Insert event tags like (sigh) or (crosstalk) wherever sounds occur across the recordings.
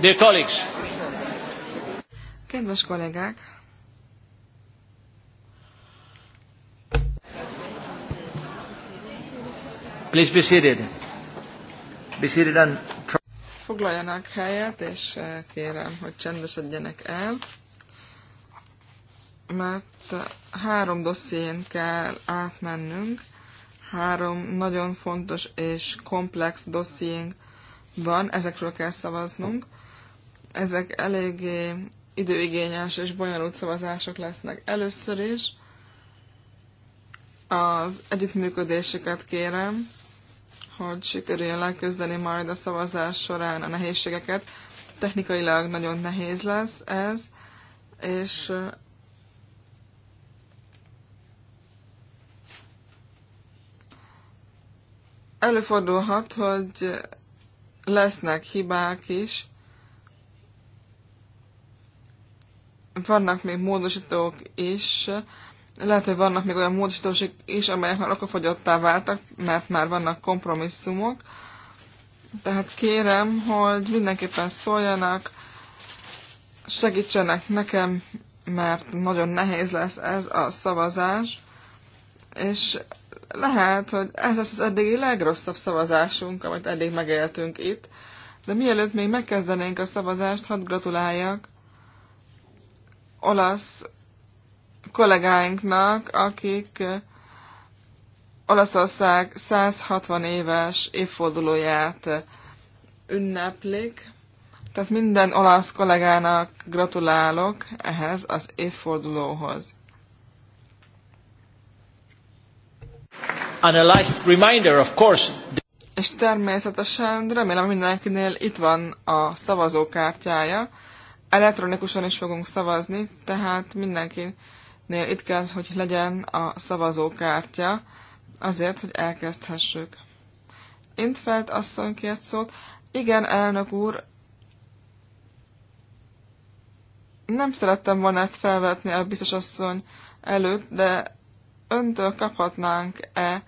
Dear colleagues. Kedves kollégák! Please be seated. Be seated and Foglaljanak helyet, és eh, kérem, hogy csendesedjenek el, mert eh, három dosszién kell átmennünk, három nagyon fontos és komplex dossziénk van, ezekről kell szavaznunk ezek eléggé időigényes és bonyolult szavazások lesznek. Először is az együttműködésüket kérem, hogy sikerüljön leküzdeni majd a szavazás során a nehézségeket. Technikailag nagyon nehéz lesz ez, és uh, előfordulhat, hogy lesznek hibák is, vannak még módosítók is, lehet, hogy vannak még olyan módosítók is, amelyek már okafogyottá váltak, mert már vannak kompromisszumok. Tehát kérem, hogy mindenképpen szóljanak, segítsenek nekem, mert nagyon nehéz lesz ez a szavazás, és lehet, hogy ez lesz az eddigi legrosszabb szavazásunk, amit eddig megéltünk itt, de mielőtt még megkezdenénk a szavazást, hadd gratuláljak olasz kollégáinknak, akik Olaszország 160 éves évfordulóját ünneplik. Tehát minden olasz kollégának gratulálok ehhez az évfordulóhoz. And a last reminder, of course. És természetesen remélem mindenkinél itt van a szavazókártyája, elektronikusan is fogunk szavazni, tehát mindenkinél itt kell, hogy legyen a szavazókártya, azért, hogy elkezdhessük. Intfeld asszony kért szót. Igen, elnök úr, nem szerettem volna ezt felvetni a biztos asszony előtt, de öntől kaphatnánk-e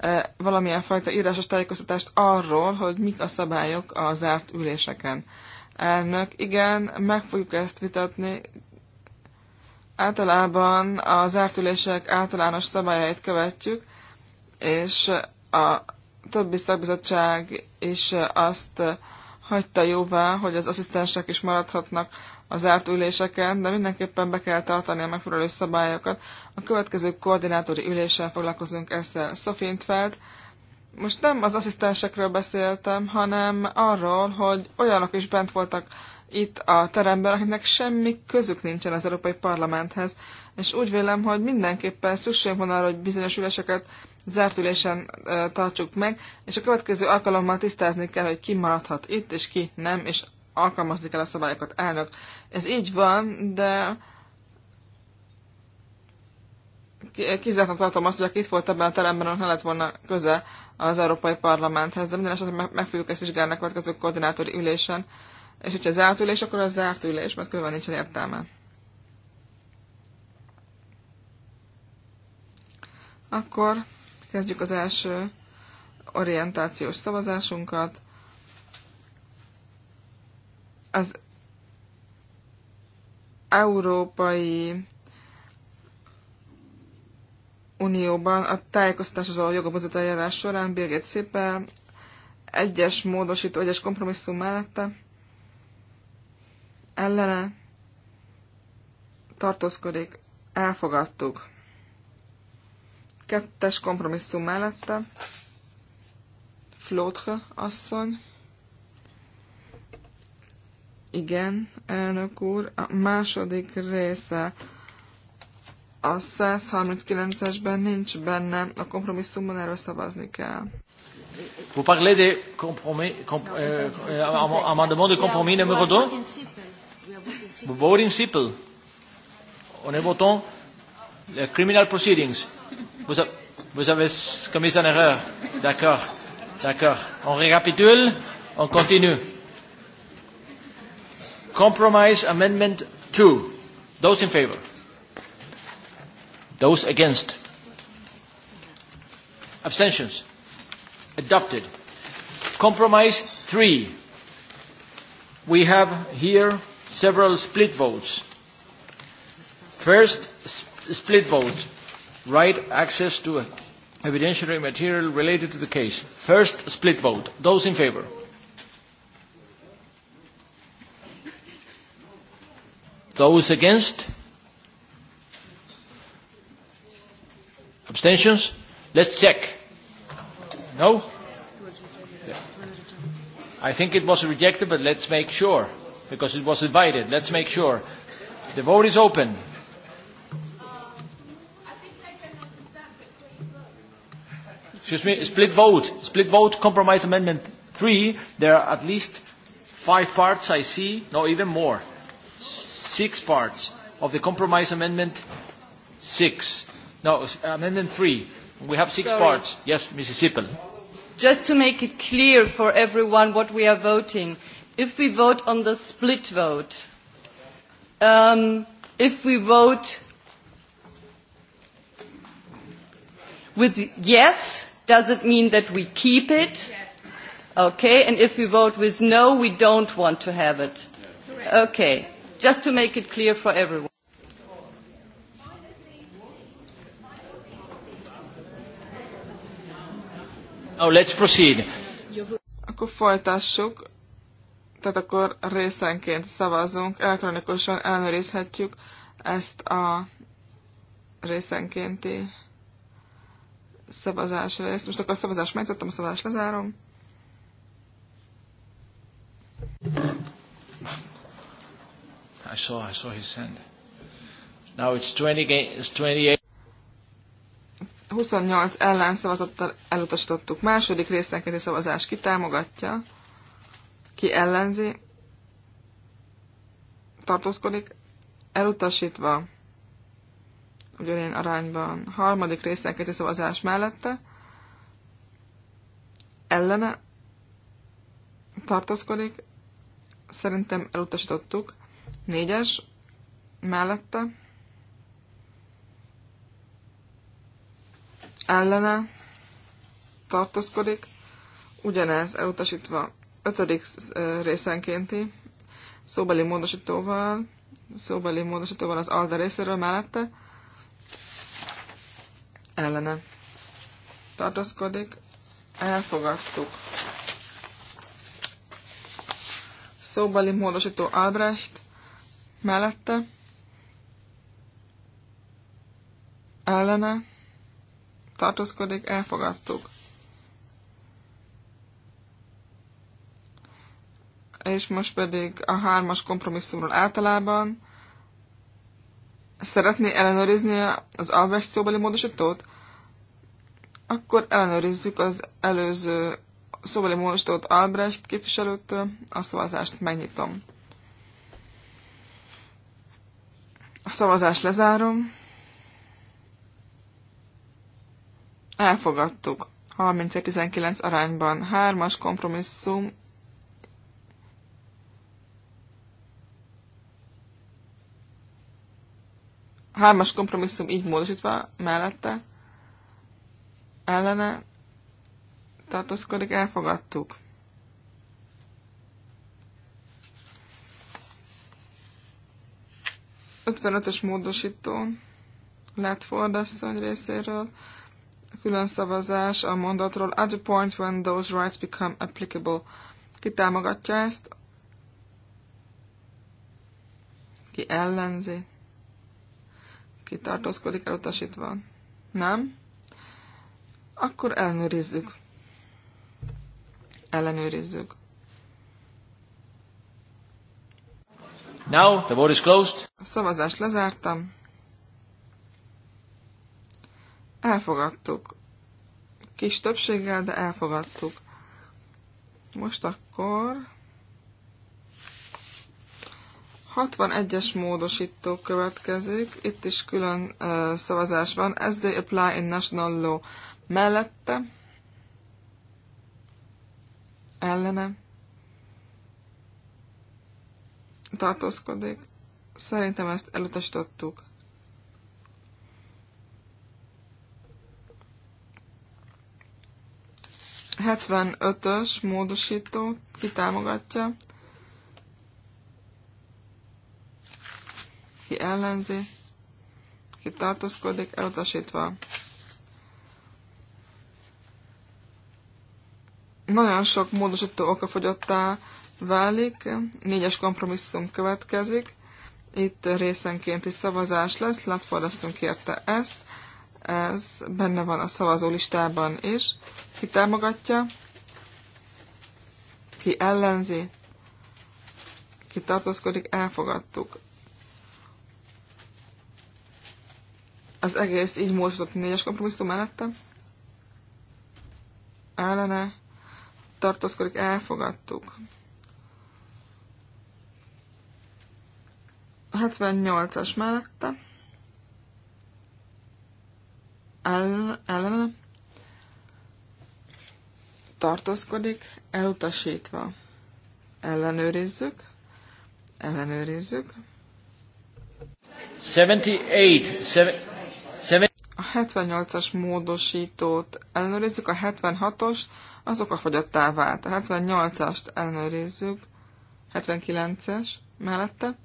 e, valamilyen fajta írásos tájékoztatást arról, hogy mik a szabályok a zárt üléseken elnök. Igen, meg fogjuk ezt vitatni. Általában a zárt ülések általános szabályait követjük, és a többi szakbizottság is azt hagyta jóvá, hogy az asszisztensek is maradhatnak a zárt üléseken, de mindenképpen be kell tartani a megfelelő szabályokat. A következő koordinátori üléssel foglalkozunk ezzel Sofintfeld most nem az asszisztensekről beszéltem, hanem arról, hogy olyanok is bent voltak itt a teremben, akiknek semmi közük nincsen az Európai Parlamenthez. És úgy vélem, hogy mindenképpen szükség van arra, hogy bizonyos üléseket zárt ülésen e, tartsuk meg, és a következő alkalommal tisztázni kell, hogy ki maradhat itt, és ki nem, és alkalmazni kell a szabályokat. Elnök, ez így van, de kizártnak tartom azt, hogy aki itt volt ebben a teremben, ott ne lett volna köze az Európai Parlamenthez, de minden esetben meg, meg fogjuk ezt vizsgálni a következő koordinátori ülésen. És hogyha zárt ülés, akkor az zárt ülés, mert különben nincsen értelme. Akkor kezdjük az első orientációs szavazásunkat. Az európai Unióban a tájékoztatásról a jogobuzott eljárás során Birgit Szépe egyes módosító, egyes kompromisszum mellette ellene tartózkodik, elfogadtuk. Kettes kompromisszum mellette Flótre asszony. Igen, elnök úr, a második része a 139-esben nincs benne a kompromisszumban, erről szavazni kell. Vous parlez des compromis, comp, euh, euh amendement de compromis numéro 2 Vous votez simple. On est votant les criminal proceedings. Vous, a, vous avez commis une erreur. D'accord. D'accord. On récapitule. On continue. Compromise Amendment 2. Those in favor? Those against? Abstentions? Adopted. Compromise 3. We have here several split votes. First, split vote. Right access to evidentiary material related to the case. First, split vote. Those in favor? Those against? Abstentions? Let's check. No? I think it was rejected, but let's make sure, because it was invited. Let's make sure. The vote is open. Excuse me, split vote. Split vote, compromise amendment three. There are at least five parts I see, no, even more. Six parts of the compromise amendment Six. No, amendment three. We have six Sorry. parts. Yes, Mrs. Sippel. Just to make it clear for everyone what we are voting, if we vote on the split vote, um, if we vote with yes, does it mean that we keep it? Okay, and if we vote with no, we don't want to have it. Okay, just to make it clear for everyone. Oh, let's proceed. Akkor folytassuk. Tehát akkor részenként szavazunk. Elektronikusan ellenőrizhetjük ezt a részenkénti szavazás részt. Most akkor a szavazást megtettem, a szavazást lezárom. I saw, I saw his hand. Now it's 20, it's 28. 28 ellenszavazattal elutasítottuk. Második részenkénti szavazás ki támogatja, ki ellenzi, tartózkodik, elutasítva ugyanilyen arányban. Harmadik részenkénti szavazás mellette, ellene tartózkodik, szerintem elutasítottuk. Négyes mellette, ellene tartózkodik, ugyanez elutasítva ötödik részenkénti szóbeli módosítóval, szóbeli módosítóval az alda részéről mellette ellene tartózkodik, elfogadtuk. Szóbeli módosító Albrecht mellette ellene tartózkodik, elfogadtuk. És most pedig a hármas kompromisszumról általában szeretné ellenőrizni az alves szóbeli módosítót? Akkor ellenőrizzük az előző szóbeli módosítót Albrecht képviselőtől, a szavazást megnyitom. A szavazást lezárom. elfogadtuk 31-19 arányban. Hármas kompromisszum hármas kompromisszum így módosítva mellette ellene tartózkodik, elfogadtuk. Ötvenötös módosító Ledford asszony részéről külön szavazás a mondatról at the point when those rights become applicable. Ki támogatja ezt? Ki ellenzi? Ki tartózkodik elutasítva? Nem? Akkor ellenőrizzük. Ellenőrizzük. Now the vote is closed. A szavazást lezártam. Elfogadtuk kis többséggel, de elfogadtuk. Most akkor 61-es módosító következik, itt is külön uh, szavazás van, as they apply in national law mellette, ellene, tartózkodik. Szerintem ezt elutasítottuk. 75-ös módosító kitámogatja, ki ellenzi, ki tartózkodik, elutasítva. Nagyon sok módosító fogyottá válik, négyes kompromisszum következik, itt részenkénti szavazás lesz, látfordasszunk érte ezt, ez benne van a szavazó listában is. Ki támogatja? Ki ellenzi? Ki tartózkodik? Elfogadtuk. Az egész így módosított négyes kompromisszum mellette? Ellene? Tartózkodik? Elfogadtuk. 78-as mellette ellen, tartózkodik, elutasítva. Ellenőrizzük, ellenőrizzük. 78, a 78-as módosítót ellenőrizzük, a 76-os, az okafogyottá vált. A 78-ast ellenőrizzük, 79-es mellette,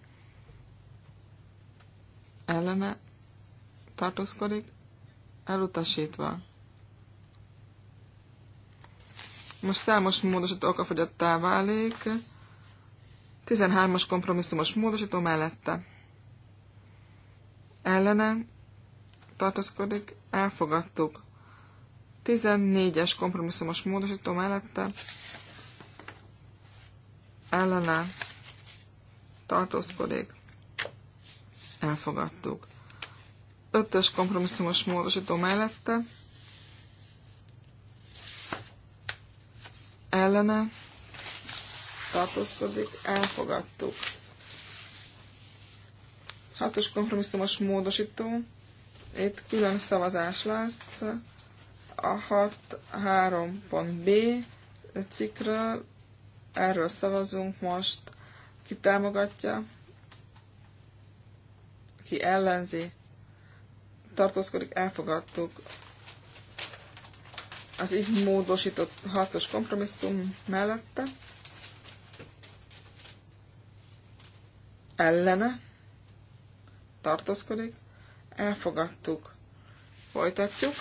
ellene tartózkodik, elutasítva. Most számos módosító okafogyattá válik. 13-as kompromisszumos módosító mellette. Ellene tartózkodik, elfogadtuk. 14-es kompromisszumos módosító mellette. Ellene tartózkodik, elfogadtuk. Ötös kompromisszumos módosító mellette. Ellene tartózkodik, elfogadtuk. Hatos kompromisszumos módosító. Itt külön szavazás lesz. A 6.3.b cikkről erről szavazunk most. Ki támogatja? Ki ellenzi? tartózkodik, elfogadtuk. Az így módosított hatos kompromisszum mellette. Ellene tartózkodik, elfogadtuk. Folytatjuk.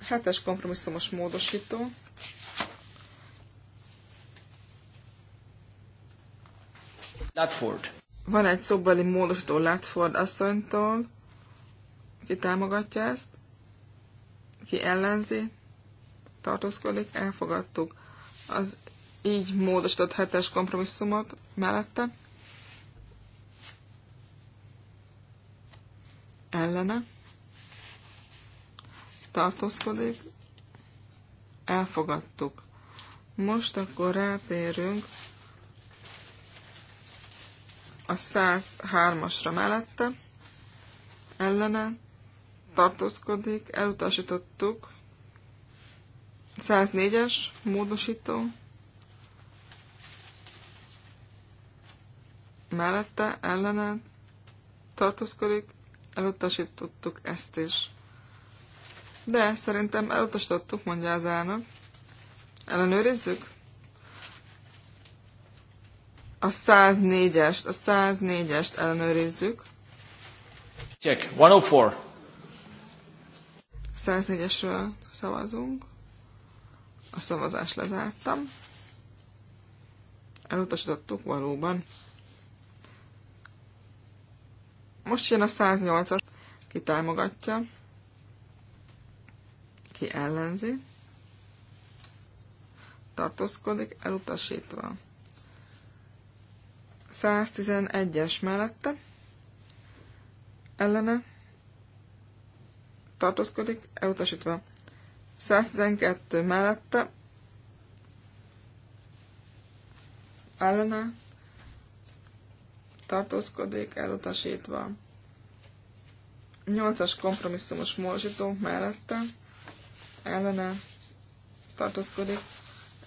Hetes kompromisszumos módosító. Ludford. Van egy szobbeli módosító Latford asszonytól, ki támogatja ezt, ki ellenzi, tartózkodik, elfogadtuk az így módosított hetes kompromisszumot mellette. Ellene. Tartózkodik. Elfogadtuk. Most akkor rátérünk a 103-asra mellette, ellene, tartózkodik, elutasítottuk, 104-es, módosító, mellette, ellene, tartózkodik, elutasítottuk ezt is. De szerintem elutasítottuk, mondja az elnök. Ellenőrizzük? A 104-est, a 104-est ellenőrizzük. Check, 104. 104-esről szavazunk. A szavazást lezártam. Elutasítottuk valóban. Most jön a 108-as. Ki támogatja? Ki ellenzi? Tartózkodik, elutasítva. 111-es mellette ellene tartózkodik, elutasítva. 112 mellette ellene tartózkodik, elutasítva. 8-as kompromisszumos módosító mellette ellene tartózkodik,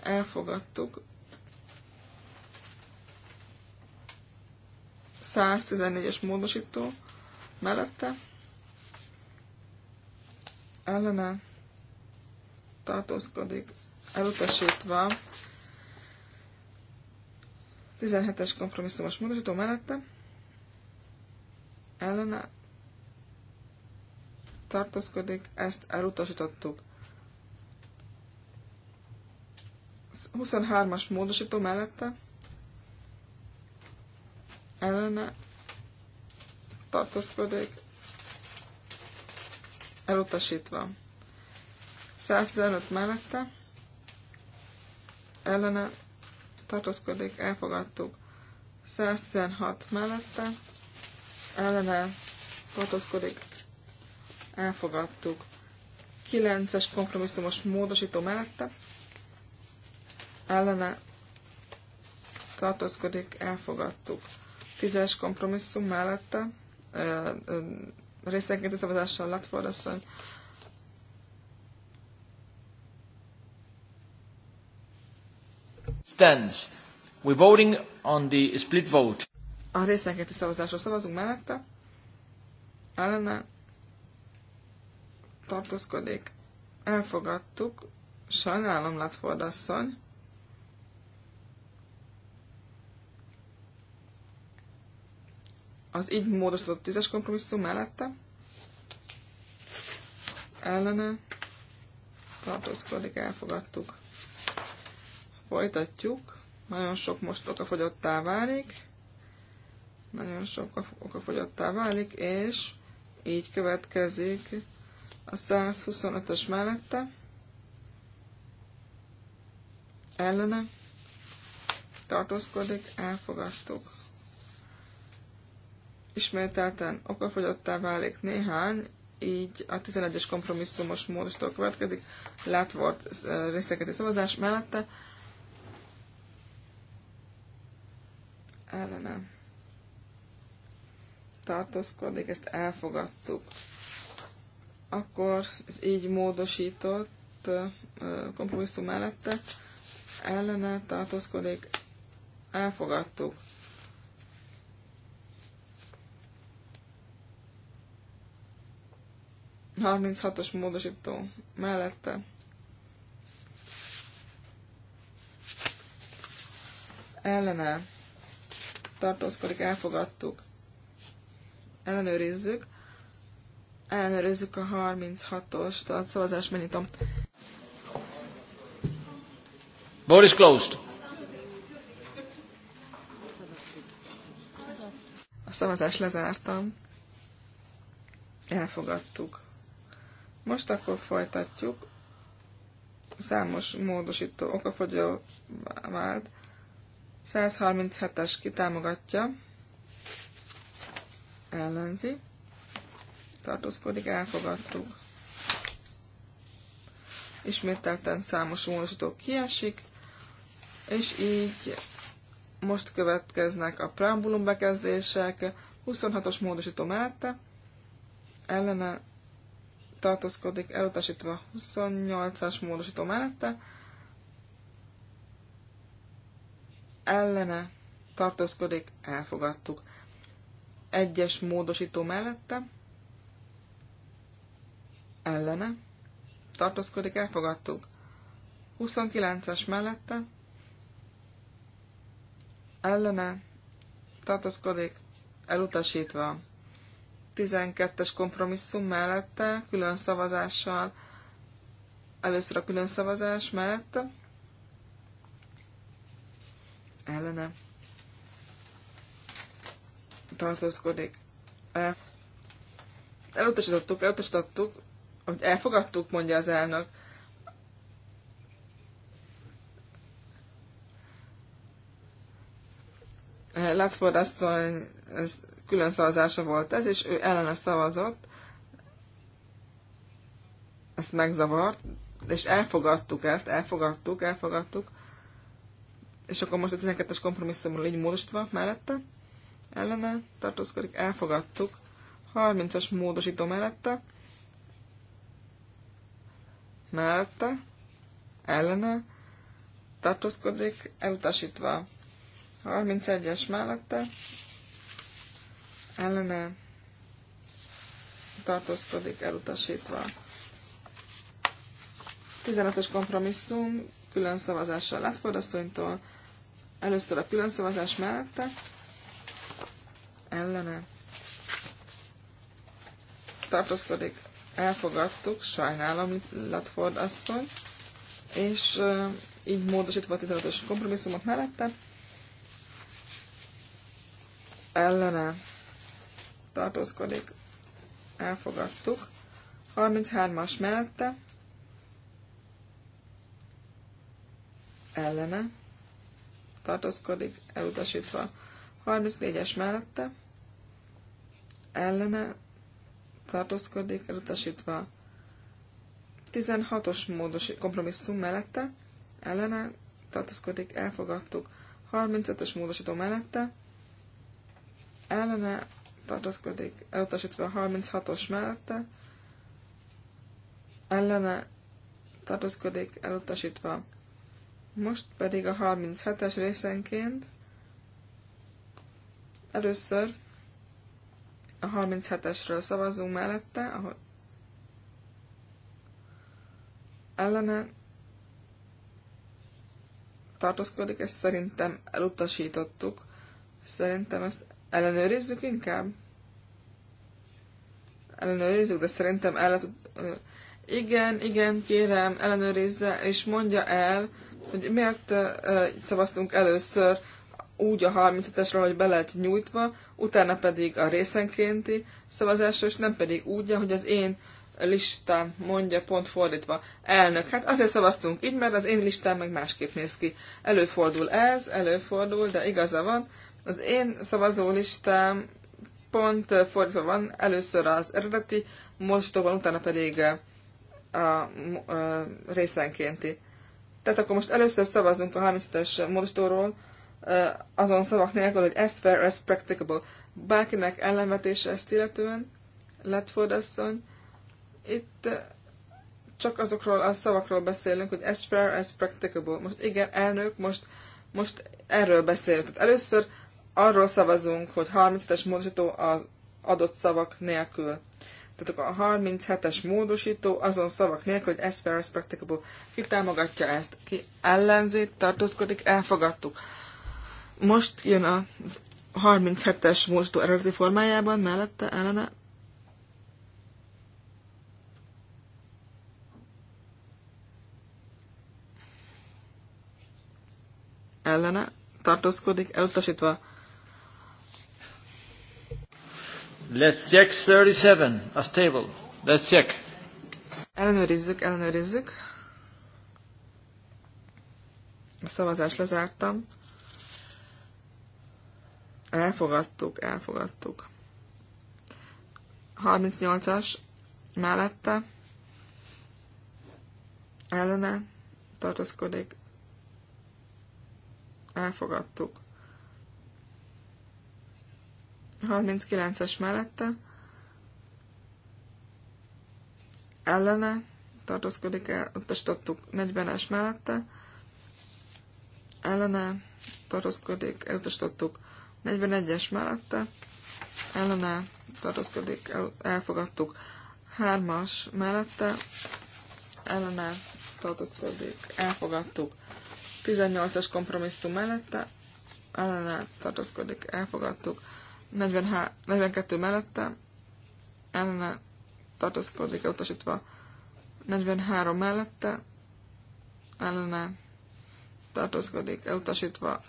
elfogadtuk. 114-es módosító mellette ellene tartózkodik, elutasítva 17-es kompromisszumos módosító mellette ellene tartózkodik, ezt elutasítottuk. 23-as módosító mellette ellene tartózkodik, elutasítva. 115 mellette ellene tartózkodik, elfogadtuk. 116 mellette ellene tartózkodik, elfogadtuk. 9-es kompromisszumos módosító mellette ellene tartózkodik, elfogadtuk. Tízes kompromisszum mellette a szavazással Latford asszony stands. We're voting on the split vote. A részenkénti szavazásra szavazunk mellette. Ellene tartózkodik. Elfogadtuk. Sajnálom, Latford asszony. Az így módosított tízes kompromisszum mellette ellene tartózkodik, elfogadtuk. Folytatjuk. Nagyon sok most okafogyottá válik. Nagyon sok okafogyottá válik, és így következik a 125-ös mellette. Ellene tartózkodik, elfogadtuk ismételten okafogyottá válik néhány, így a 11-es kompromisszumos módostól következik, volt részleketi szavazás mellette. Ellenem tartózkodik, ezt elfogadtuk. Akkor ez így módosított kompromisszum mellette ellene tartózkodik, elfogadtuk. 36-os módosító mellette. Ellene tartózkodik, elfogadtuk. Ellenőrizzük. Ellenőrizzük a 36 os a szavazás megnyitom. Board is closed. A szavazást lezártam. Elfogadtuk. Most akkor folytatjuk. Számos módosító okafogyó vált. 137-es kitámogatja. Ellenzi. Tartózkodik, elfogadtuk. Ismételten számos módosító kiesik. És így most következnek a preambulum bekezdések, 26-os módosító mellette, ellene tartózkodik, elutasítva 28-as módosító mellette, ellene tartózkodik, elfogadtuk. Egyes módosító mellette, ellene tartózkodik, elfogadtuk. 29-es mellette, ellene tartózkodik, elutasítva. 12-es kompromisszum mellette külön szavazással, először a külön szavazás mellette, ellene tartózkodik. El. Elutasítottuk, elutasítottuk, hogy elfogadtuk, mondja az elnök. E, Látford asszony külön szavazása volt ez, és ő ellene szavazott. Ezt megzavart, és elfogadtuk ezt, elfogadtuk, elfogadtuk. És akkor most a 12-es kompromisszumról így módosítva mellette, ellene tartózkodik, elfogadtuk. 30-as módosító mellette, mellette, ellene tartózkodik, elutasítva. 31-es mellette, ellene tartózkodik elutasítva. 15-ös kompromisszum külön szavazással látfordasszonytól. Először a külön szavazás mellette ellene tartózkodik. Elfogadtuk, sajnálom, Latford asszony. És e, így módosítva a 15-ös kompromisszumot mellette ellene tartózkodik, elfogadtuk. 33-as mellette, ellene, tartózkodik, elutasítva. 34-es mellette, ellene, tartózkodik, elutasítva. 16-os módos kompromisszum mellette, ellene, tartózkodik, elfogadtuk. 35-ös módosító mellette, ellene tartózkodik elutasítva 36-os mellette, ellene tartózkodik elutasítva. Most pedig a 37-es részenként először a 37-esről szavazunk mellette, ahol ellene tartózkodik, ezt szerintem elutasítottuk. Szerintem ezt Ellenőrizzük inkább? Ellenőrizzük, de szerintem el Igen, igen, kérem, ellenőrizze, és mondja el, hogy miért szavaztunk először úgy a 37 esre hogy be lehet nyújtva, utána pedig a részenkénti szavazásra, és nem pedig úgy, hogy az én listám mondja pont fordítva. Elnök, hát azért szavaztunk így, mert az én listám meg másképp néz ki. Előfordul ez, előfordul, de igaza van, az én szavazólistám pont eh, fordítva van, először az eredeti mostóban, utána pedig eh, a, a, a eh, részenkénti. Tehát akkor most először szavazunk a 37-es módosítóról, azon szavak nélkül, hogy as fair as practicable. Bárkinek ellenvetése ezt illetően, lett fordasszony, itt csak azokról a szavakról beszélünk, hogy as fair as practicable. Most igen, elnök, most, most erről beszélünk. Tehát először arról szavazunk, hogy 37-es módosító az adott szavak nélkül. Tehát a 37-es módosító azon szavak nélkül, hogy as fair, as practicable. Ki támogatja ezt? Ki ellenzi, tartózkodik, elfogadtuk. Most jön a 37-es módosító eredeti formájában, mellette, ellene. Ellene, tartózkodik, elutasítva Let's check 37, a stable. Let's check. Ellenőrizzük, ellenőrizzük. A szavazást lezártam. Elfogadtuk, elfogadtuk. 38-as mellette ellene tartozkodik. Elfogadtuk. 39-es mellette ellene tartózkodik el, utasítottuk 40-es mellette ellene tartózkodik, elutasítottuk 41-es mellette ellene tartózkodik, el, elfogadtuk 3-as mellette ellene tartózkodik, elfogadtuk 18-as kompromisszum mellette ellene tartózkodik, elfogadtuk 42 mellette ellene tartózkodik elutasítva 43 mellette ellene tartózkodik elutasítva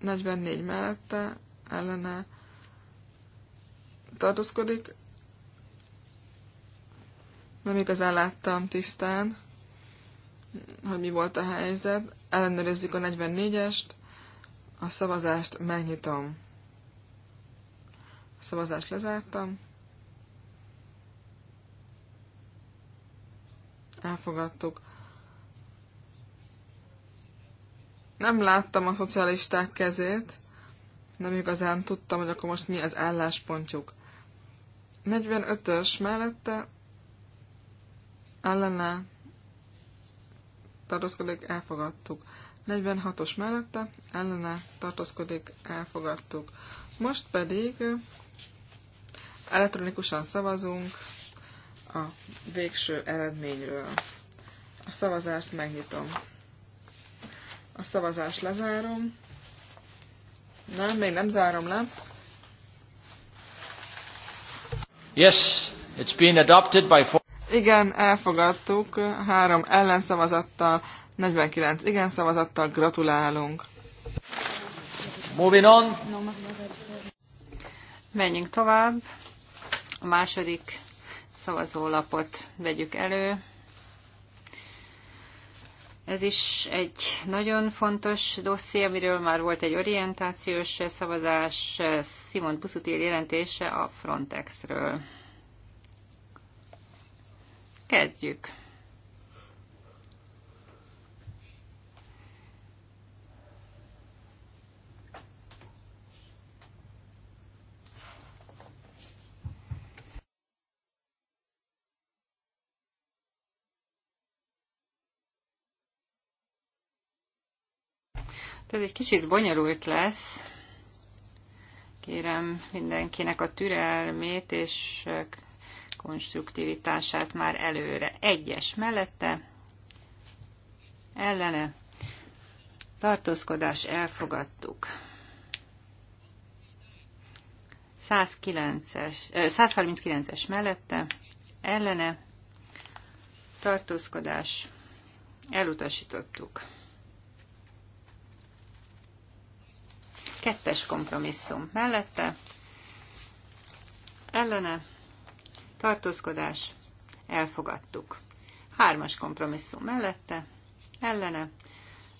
44 mellette ellene tartózkodik. Nem igazán láttam tisztán, hogy mi volt a helyzet. Ellenőrizzük a 44-est, a szavazást megnyitom. Szavazást lezártam. Elfogadtuk. Nem láttam a szocialisták kezét, nem igazán tudtam, hogy akkor most mi az álláspontjuk. 45-ös mellette ellene tartózkodik, elfogadtuk. 46-os mellette ellene tartózkodik, elfogadtuk. Most pedig Elektronikusan szavazunk a végső eredményről. A szavazást megnyitom. A szavazást lezárom. Nem, még nem zárom le. Yes, it's been adopted by four... Igen, elfogadtuk. Három ellenszavazattal, 49 igen szavazattal gratulálunk. Moving on. Menjünk tovább. A második szavazólapot vegyük elő. Ez is egy nagyon fontos dosszi, amiről már volt egy orientációs szavazás, Simon Buszutil jelentése a Frontexről. Kezdjük! Ez egy kicsit bonyolult lesz. Kérem mindenkinek a türelmét és konstruktivitását már előre. Egyes mellette, ellene, tartózkodás elfogadtuk. 109-es, 139-es mellette, ellene, tartózkodás elutasítottuk. Kettes kompromisszum mellette, ellene, tartózkodás, elfogadtuk. Hármas kompromisszum mellette, ellene,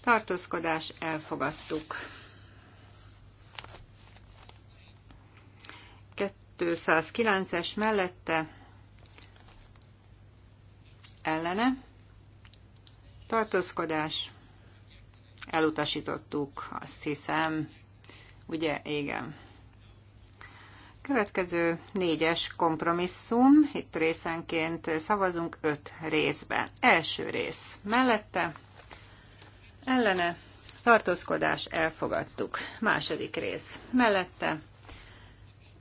tartózkodás, elfogadtuk. 209-es mellette, ellene, tartózkodás, elutasítottuk, azt hiszem, Ugye? Igen. Következő négyes kompromisszum, itt részenként szavazunk öt részben. Első rész mellette, ellene, tartózkodás, elfogadtuk. Második rész mellette,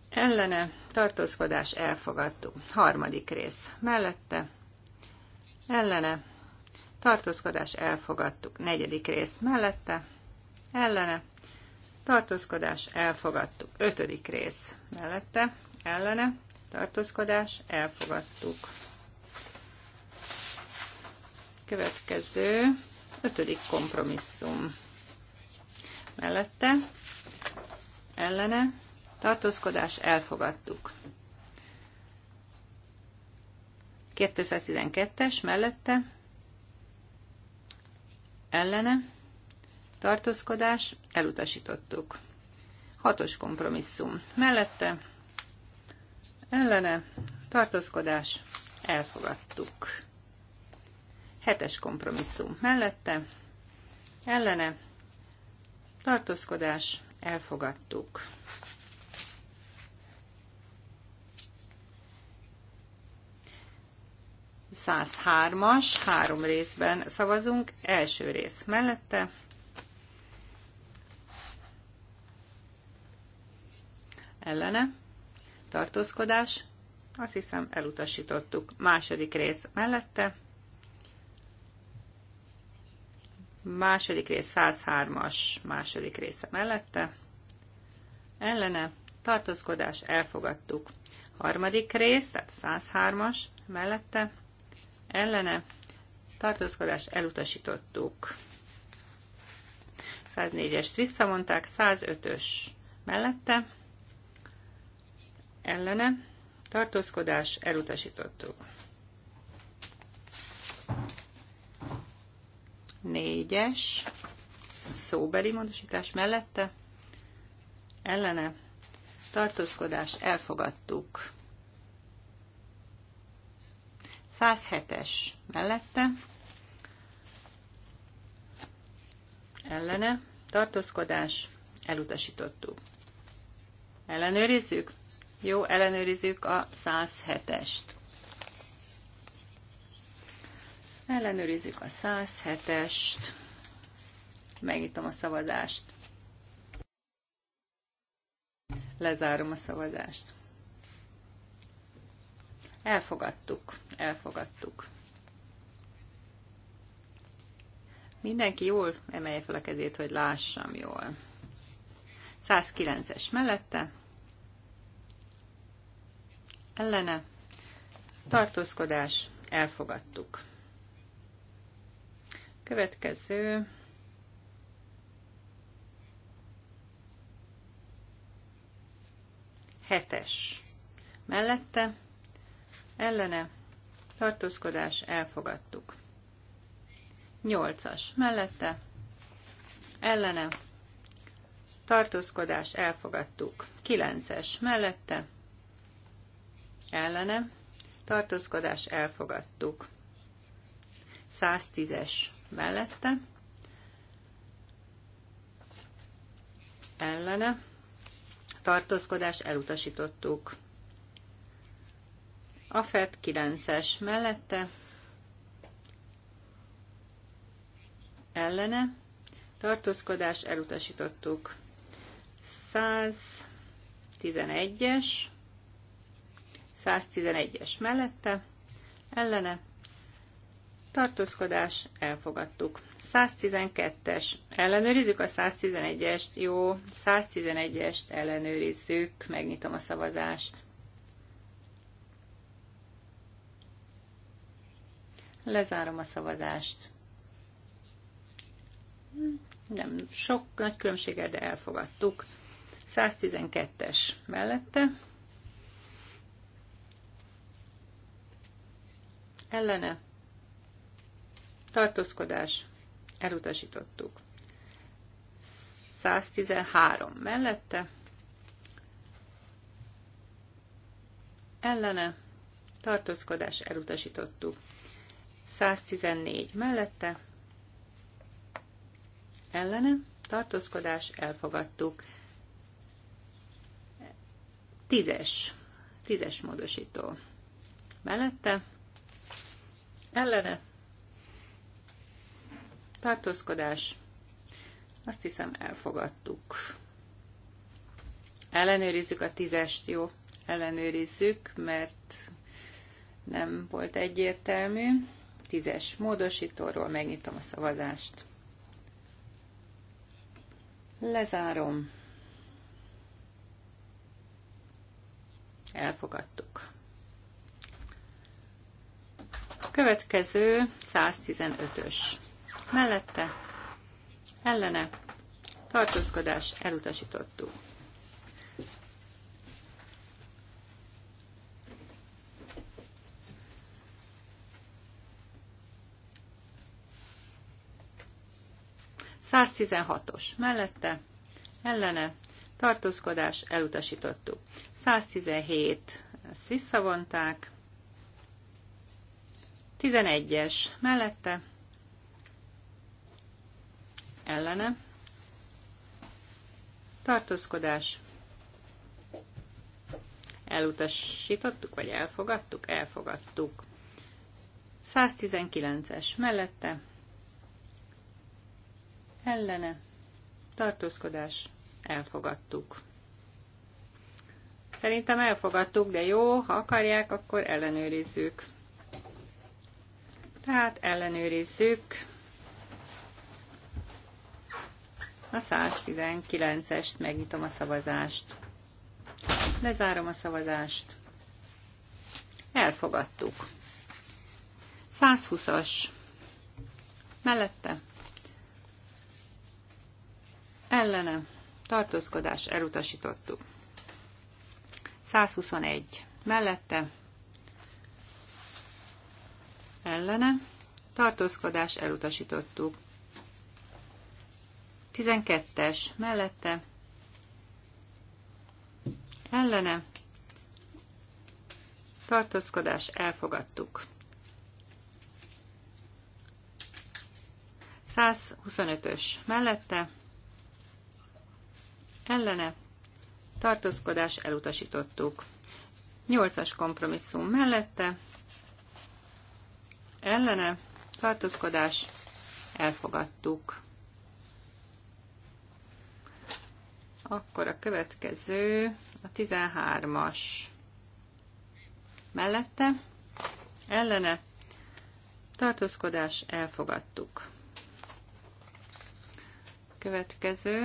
ellene, tartózkodás, elfogadtuk. Harmadik rész mellette, ellene, tartózkodás, elfogadtuk. Negyedik rész mellette, ellene, tartózkodás, elfogadtuk. Ötödik rész mellette, ellene, tartózkodás, elfogadtuk. Következő, ötödik kompromisszum. Mellette, ellene, tartózkodás, elfogadtuk. 212-es mellette, ellene, tartózkodás, elutasítottuk. Hatos kompromisszum. Mellette, ellene, tartózkodás, elfogadtuk. Hetes kompromisszum. Mellette, ellene, tartózkodás, elfogadtuk. hármas, három részben szavazunk, első rész mellette, ellene, tartózkodás, azt hiszem elutasítottuk. Második rész mellette, második rész 103-as második része mellette, ellene, tartózkodás, elfogadtuk. Harmadik rész, tehát 103-as mellette, ellene, tartózkodás, elutasítottuk. 104-est visszavonták, 105-ös mellette, ellene, tartózkodás, elutasítottuk. Négyes, szóbeli módosítás mellette, ellene, tartózkodás, elfogadtuk. 107-es mellette, ellene, tartózkodás, elutasítottuk. Ellenőrizzük? Jó, ellenőrizzük a 107-est. Ellenőrizzük a 107-est. Megnyitom a szavazást. Lezárom a szavazást. Elfogadtuk, elfogadtuk. Mindenki jól emelje fel a kezét, hogy lássam jól. 109-es mellette, ellene, tartózkodás, elfogadtuk. Következő hetes. Mellette, ellene, tartózkodás, elfogadtuk. Nyolcas. Mellette, ellene, tartózkodás, elfogadtuk. Kilences. Mellette, ellene, tartózkodás elfogadtuk. 110-es mellette, ellene, tartózkodás elutasítottuk. A FED 9-es mellette, ellene, tartózkodás elutasítottuk. 111-es 111-es mellette, ellene, tartózkodás, elfogadtuk. 112-es, ellenőrizzük a 111-est, jó, 111-est ellenőrizzük, megnyitom a szavazást. Lezárom a szavazást. Nem sok nagy különbséggel, de elfogadtuk. 112-es mellette, ellene tartózkodás elutasítottuk. 113 mellette ellene tartózkodás elutasítottuk. 114 mellette ellene tartózkodás elfogadtuk. Tízes, tízes módosító mellette Ellene. Tartózkodás. Azt hiszem elfogadtuk. Ellenőrizzük a tízest, jó? Ellenőrizzük, mert nem volt egyértelmű. Tízes módosítóról megnyitom a szavazást. Lezárom. Elfogadtuk. Következő 115-ös. Mellette, ellene, tartózkodás elutasítottuk. os mellette, ellene, tartózkodás elutasítottuk. 117, ezt visszavonták, 11-es mellette ellene tartózkodás elutasítottuk, vagy elfogadtuk? Elfogadtuk. 119-es mellette ellene tartózkodás elfogadtuk. Szerintem elfogadtuk, de jó, ha akarják, akkor ellenőrizzük. Tehát ellenőrizzük a 119-est, megnyitom a szavazást, lezárom a szavazást, elfogadtuk. 120-as mellette ellene tartózkodás elutasítottuk. 121 mellette ellene, tartózkodás elutasítottuk. 12-es mellette, ellene, tartózkodás elfogadtuk. 125-ös mellette, ellene, tartózkodás elutasítottuk. 8-as kompromisszum mellette, ellene tartózkodás elfogadtuk. Akkor a következő a 13-as mellette ellene tartózkodás elfogadtuk. Következő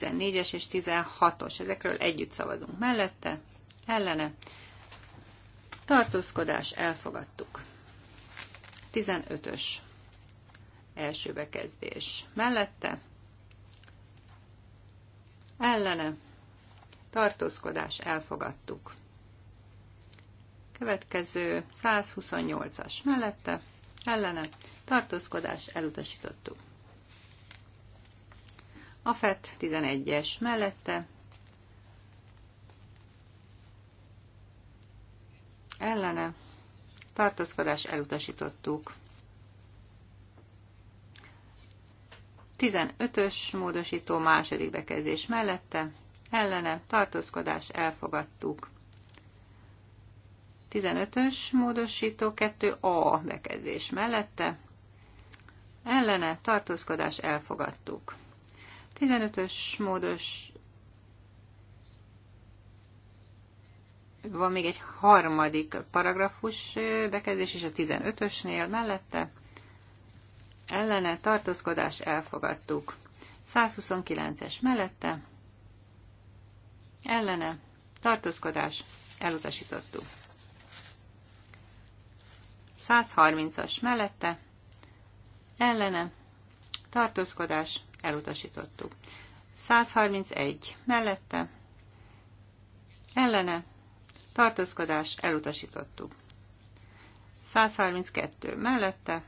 14-es és 16-os. Ezekről együtt szavazunk mellette, ellene. Tartózkodás elfogadtuk. 15-ös első bekezdés mellette, ellene. Tartózkodás elfogadtuk. Következő 128-as mellette, ellene. Tartózkodás elutasítottuk. A FET 11-es mellette ellene tartózkodás elutasítottuk. 15-ös módosító második bekezdés mellette ellene tartózkodás elfogadtuk. 15-ös módosító 2A bekezdés mellette ellene tartózkodás elfogadtuk. 15-ös módos van még egy harmadik paragrafus bekezdés is a 15-ösnél mellette. Ellene tartózkodás elfogadtuk. 129-es mellette. Ellene tartózkodás elutasítottuk. 130-as mellette. Ellene tartózkodás elutasítottuk. 131 mellette, ellene, tartózkodás, elutasítottuk. 132 mellette,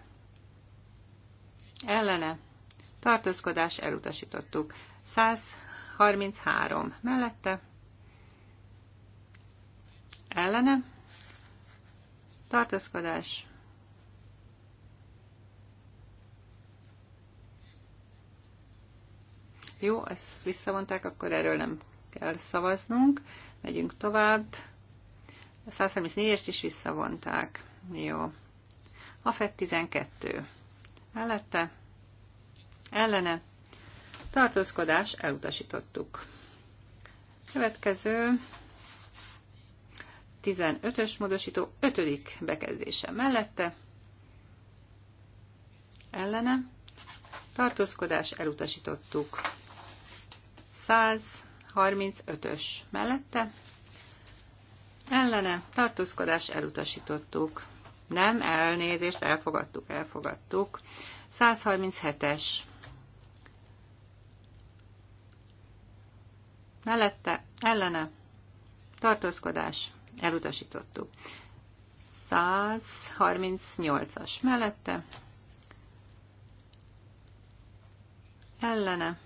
ellene, tartózkodás, elutasítottuk. 133 mellette, ellene, tartózkodás, Jó, ezt visszavonták, akkor erről nem kell szavaznunk. Megyünk tovább. A 134-est is visszavonták. Jó. A FED 12. Mellette? Ellene? Tartózkodás elutasítottuk. Következő 15-ös módosító 5. bekezdése mellette ellene tartózkodás elutasítottuk. 135-ös mellette. Ellene tartózkodás elutasítottuk. Nem, elnézést, elfogadtuk, elfogadtuk. 137-es. Mellette, ellene, tartózkodás, elutasítottuk. 138-as mellette, ellene,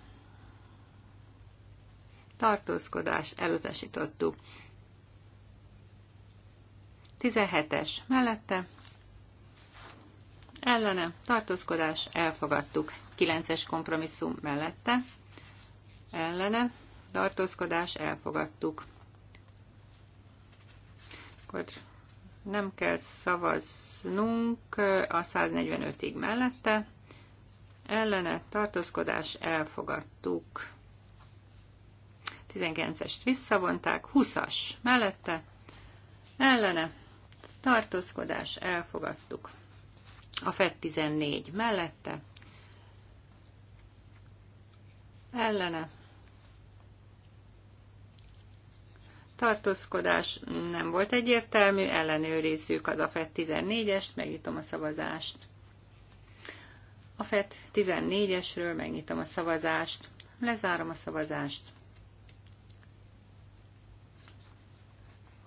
tartózkodás elutasítottuk. 17-es mellette ellene tartózkodás elfogadtuk. 9-es kompromisszum mellette ellene tartózkodás elfogadtuk. Akkor nem kell szavaznunk a 145-ig mellette. Ellene tartózkodás elfogadtuk. 19-est visszavonták, 20-as mellette, ellene, tartózkodás, elfogadtuk. A FED 14 mellette, ellene, tartózkodás nem volt egyértelmű, ellenőrizzük az a FED 14-est, megnyitom a szavazást. A FED 14-esről megnyitom a szavazást, lezárom a szavazást.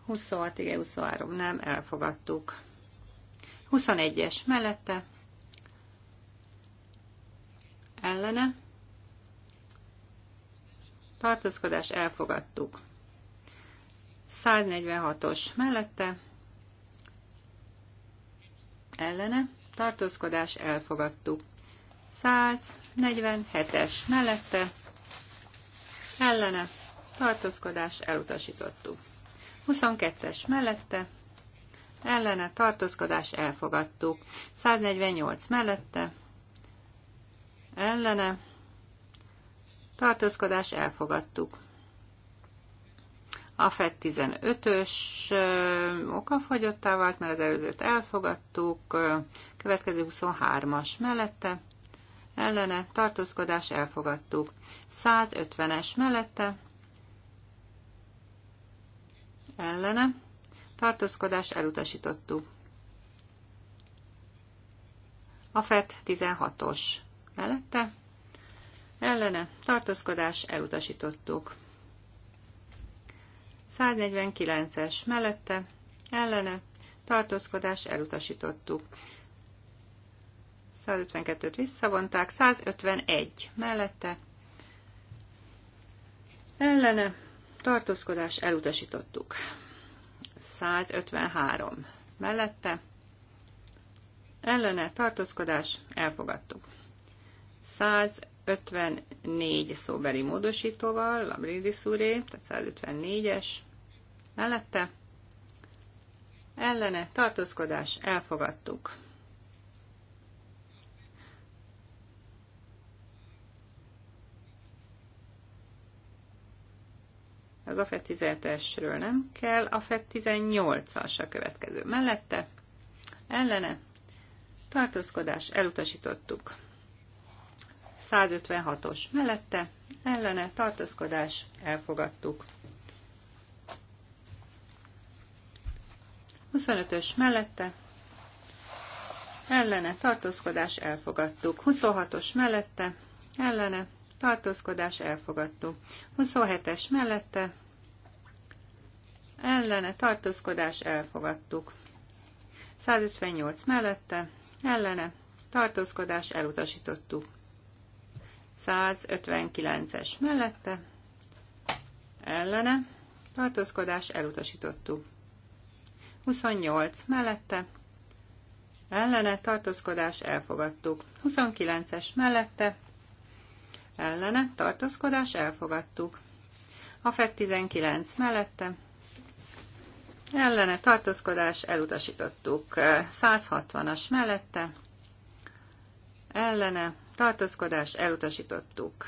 26, igen, 23, nem, elfogadtuk. 21-es mellette, ellene, tartózkodás, elfogadtuk. 146-os mellette, ellene, tartózkodás, elfogadtuk. 147-es mellette, ellene, tartózkodás, elutasítottuk. 22-es mellette, ellene tartózkodás elfogadtuk. 148 mellette, ellene tartózkodás elfogadtuk. A FED 15-ös okafogyottá vált, mert az előzőt elfogadtuk. Következő 23-as mellette, ellene tartózkodás elfogadtuk. 150-es mellette, ellene, tartózkodás elutasítottuk. A FET 16-os mellette, ellene, tartózkodás elutasítottuk. 149-es mellette, ellene, tartózkodás elutasítottuk. 152-t visszavonták, 151 mellette, ellene, tartózkodás elutasítottuk. 153 mellette, ellene tartózkodás elfogadtuk. 154 szóbeli módosítóval, Labridis Szúré, tehát 154-es mellette, ellene tartózkodás elfogadtuk. Az a AFET e 17-esről nem kell, a AFET 18-as a következő mellette, ellene, tartózkodás, elutasítottuk. 156-os mellette, ellene, tartózkodás, elfogadtuk. 25-ös mellette, ellene, tartózkodás, elfogadtuk. 26-os mellette, ellene, tartózkodás elfogadtó. 27-es mellette ellene tartózkodás elfogadtuk. 158 mellette ellene tartózkodás elutasítottuk. 159-es mellette ellene tartózkodás elutasítottuk. 28 mellette ellene tartózkodás elfogadtuk. 29-es mellette ellene, tartózkodás, elfogadtuk. A FED 19 mellette, ellene, tartózkodás, elutasítottuk. 160-as mellette, ellene, tartózkodás, elutasítottuk.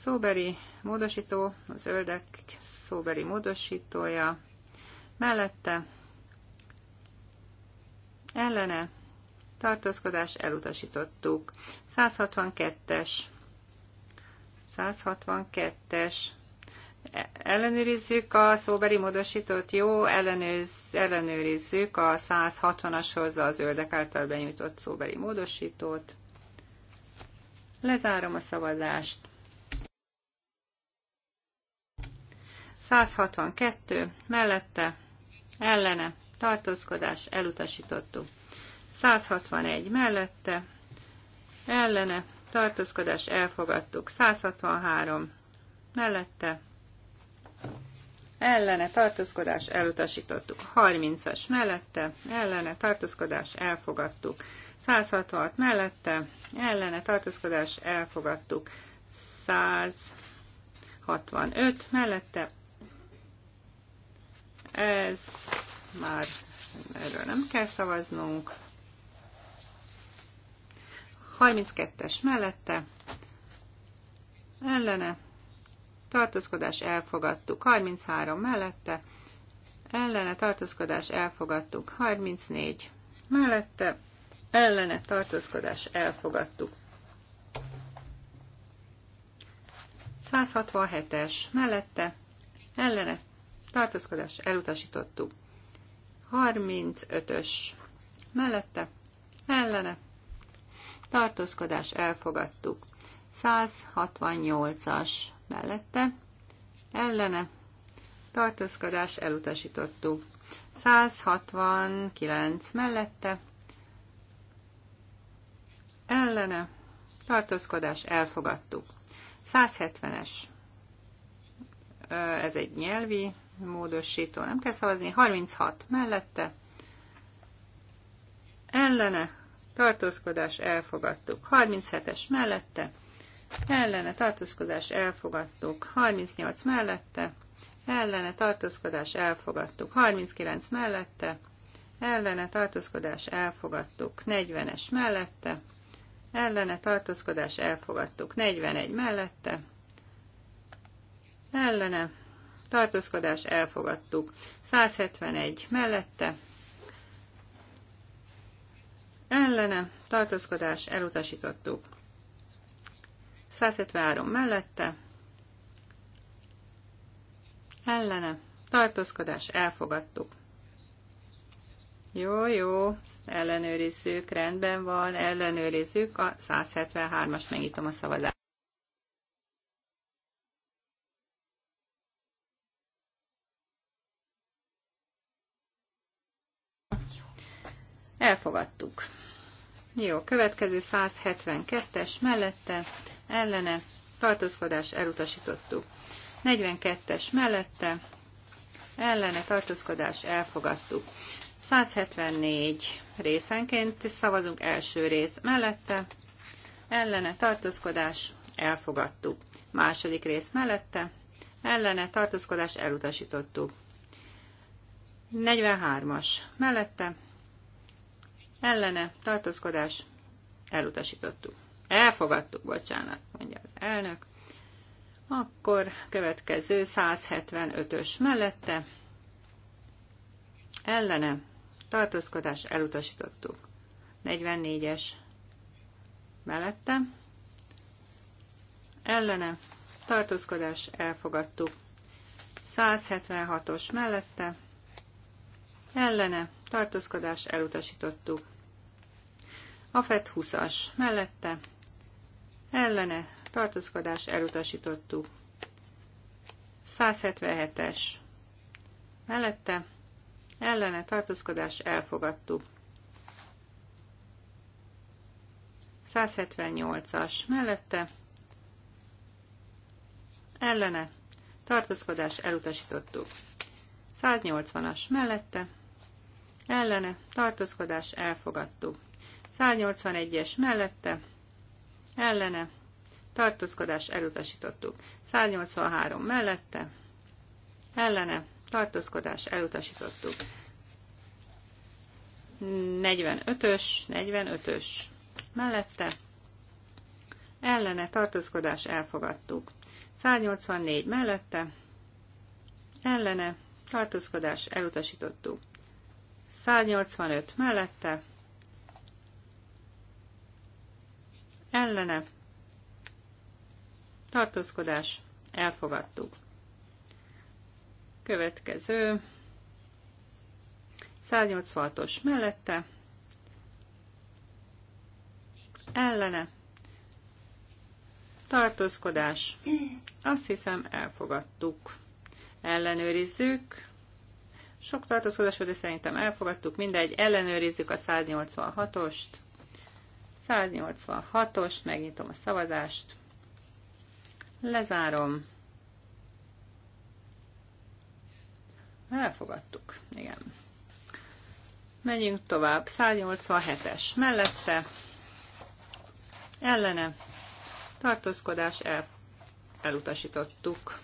Szóberi módosító, a zöldek szóberi módosítója, mellette, ellene, tartózkodás elutasítottuk. 162-es, 162-es, e- ellenőrizzük a szóbeli módosított jó, ellenőz, ellenőrizzük a 160-ashoz a zöldek által benyújtott szóbeli módosítót. Lezárom a szavazást. 162 mellette, ellene, tartózkodás, elutasítottuk. 161 mellette, ellene, tartózkodás elfogadtuk. 163 mellette, ellene, tartózkodás elutasítottuk. 30-as mellette, ellene, tartózkodás elfogadtuk. 166 mellette, ellene, tartózkodás elfogadtuk. 165 mellette, ez már erről nem kell szavaznunk. 32-es mellette, ellene, tartózkodás elfogadtuk, 33 mellette, ellene, tartózkodás elfogadtuk, 34 mellette, ellene, tartózkodás elfogadtuk. 167-es mellette, ellene, tartózkodás elutasítottuk. 35-ös mellette, ellene, tartózkodás elfogadtuk. 168-as mellette, ellene, tartózkodás elutasítottuk. 169 mellette, ellene, tartózkodás elfogadtuk. 170-es, ez egy nyelvi módosító, nem kell szavazni, 36 mellette, ellene, tartózkodás elfogadtuk. 37-es mellette, ellene tartózkodás elfogadtuk. 38 mellette, ellene tartózkodás elfogadtuk. 39 mellette, ellene tartózkodás elfogadtuk. 40-es mellette, ellene tartózkodás elfogadtuk. 41 mellette, ellene tartózkodás elfogadtuk. 171 mellette, ellene, tartózkodás, elutasítottuk. 173 mellette, ellene, tartózkodás, elfogadtuk. Jó, jó, ellenőrizzük, rendben van, ellenőrizzük a 173-as, megnyitom a szavazást. Elfogadtuk. Jó, következő 172-es mellette, ellene, tartózkodás elutasítottuk. 42-es mellette, ellene, tartózkodás elfogadtuk. 174 részenként szavazunk első rész mellette, ellene, tartózkodás elfogadtuk. Második rész mellette, ellene, tartózkodás elutasítottuk. 43-as mellette, ellene, tartózkodás, elutasítottuk. Elfogadtuk, bocsánat, mondja az elnök. Akkor következő 175-ös mellette, ellene, tartózkodás, elutasítottuk. 44-es mellette, ellene, tartózkodás, elfogadtuk. 176-os mellette, ellene, tartózkodás elutasítottuk. A FED 20-as mellette ellene tartózkodás elutasítottuk. 177-es mellette ellene tartózkodás elfogadtuk. 178-as mellette ellene tartózkodás elutasítottuk. 180-as mellette ellene, tartózkodás, elfogadtuk. 181-es mellette, ellene, tartózkodás, elutasítottuk. 183 mellette, ellene, tartózkodás, elutasítottuk. 45-ös, 45-ös mellette, ellene, tartózkodás, elfogadtuk. 184 mellette, ellene, tartózkodás, elutasítottuk. 185 mellette, ellene, tartózkodás, elfogadtuk. Következő, 186-os mellette, ellene, tartózkodás, azt hiszem elfogadtuk. Ellenőrizzük, sok tartózkodás volt, de szerintem elfogadtuk. Mindegy, ellenőrizzük a 186-ost. 186-ost, megnyitom a szavazást. Lezárom. Elfogadtuk, igen. Megyünk tovább. 187-es mellette. Ellene. Tartózkodás el, elutasítottuk.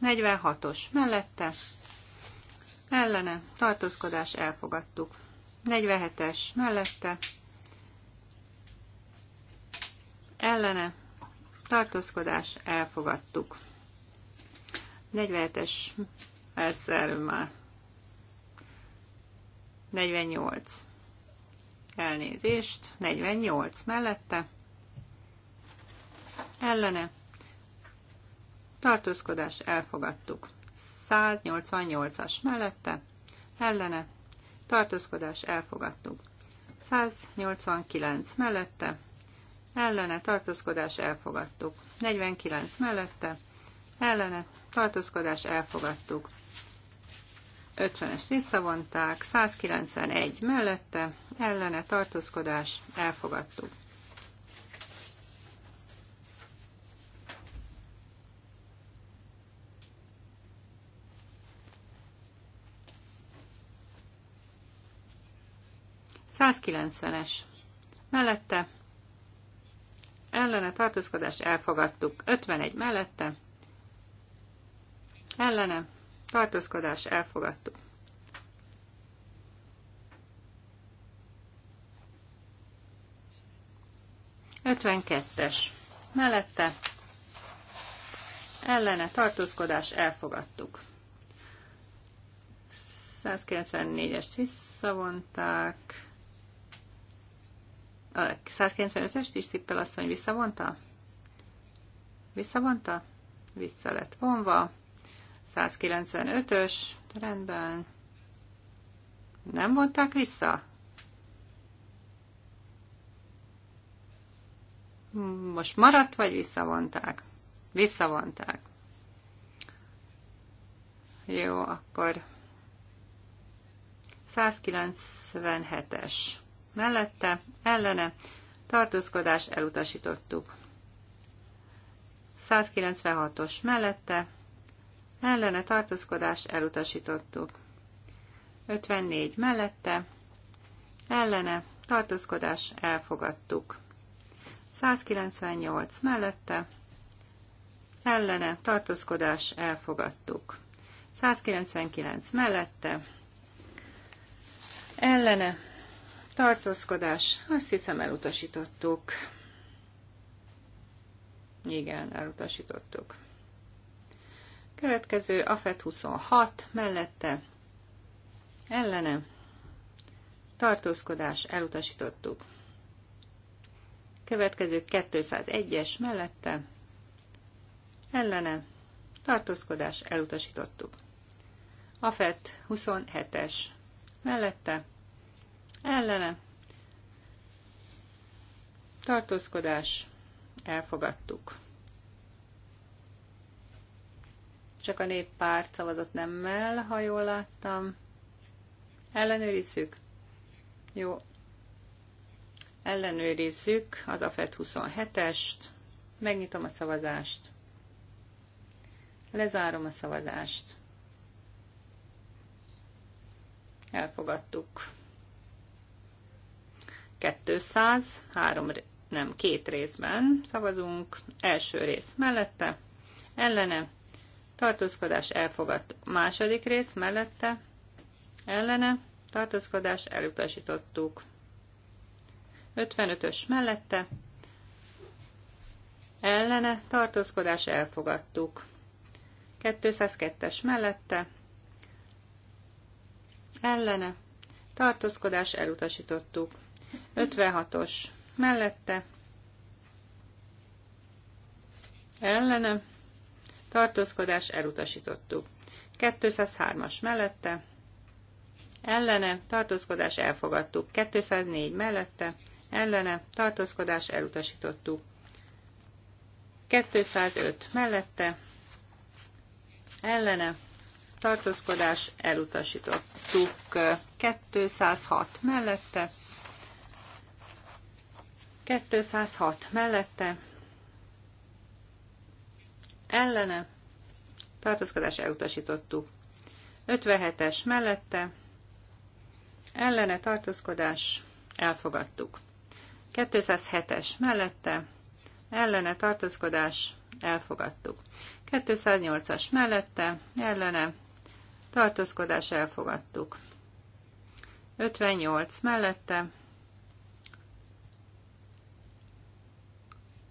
46-os mellette, ellene, tartózkodás elfogadtuk. 47-es mellette, ellene, tartózkodás elfogadtuk. 47-es, ez erről már. 48. Elnézést, 48 mellette, ellene, tartózkodás elfogadtuk. 188-as mellette, ellene, tartózkodás elfogadtuk. 189 mellette, ellene, tartózkodás elfogadtuk. 49 mellette, ellene, tartózkodás elfogadtuk. 50-est visszavonták, 191 mellette, ellene, tartózkodás elfogadtuk. 190-es. Mellette ellene tartózkodást elfogadtuk. 51 mellette ellene tartózkodás elfogadtuk. Ötvenkettes. Mellette ellene tartózkodás elfogadtuk. 194-est visszavonták. A 195-öst is tippel asszony visszavonta? Visszavonta? Vissza lett vonva. 195-ös, rendben. Nem vonták vissza? Most maradt, vagy visszavonták? Visszavonták. Jó, akkor 197-es mellette, ellene, tartózkodás elutasítottuk. 196-os mellette, ellene tartózkodás elutasítottuk. 54 mellette, ellene tartózkodás elfogadtuk. 198 mellette, ellene tartózkodás elfogadtuk. 199 mellette, ellene Tartózkodás. Azt hiszem elutasítottuk. Igen, elutasítottuk. Következő AFET 26 mellette ellene tartózkodás elutasítottuk. Következő 201-es mellette ellene tartózkodás elutasítottuk. AFET 27-es mellette ellene tartózkodás elfogadtuk. Csak a néppárt szavazott nemmel, ha jól láttam. Ellenőrizzük. Jó. Ellenőrizzük az AFET 27-est. Megnyitom a szavazást. Lezárom a szavazást. Elfogadtuk. 200, három, nem, két részben szavazunk. Első rész mellette, ellene, tartózkodás elfogadt. Második rész mellette, ellene, tartózkodás elutasítottuk. 55-ös mellette, ellene, tartózkodás elfogadtuk. 202-es mellette, ellene, tartózkodás elutasítottuk. 56-os mellette, ellene, tartózkodás elutasítottuk. 203-as mellette, ellene, tartózkodás elfogadtuk. 204 mellette, ellene, tartózkodás elutasítottuk. 205 mellette, ellene, tartózkodás elutasítottuk. 206 mellette, 206 mellette ellene tartózkodás elutasítottuk. 57-es mellette ellene tartózkodás elfogadtuk. 207-es mellette ellene tartózkodás elfogadtuk. 208-as mellette ellene tartózkodás elfogadtuk. 58 mellette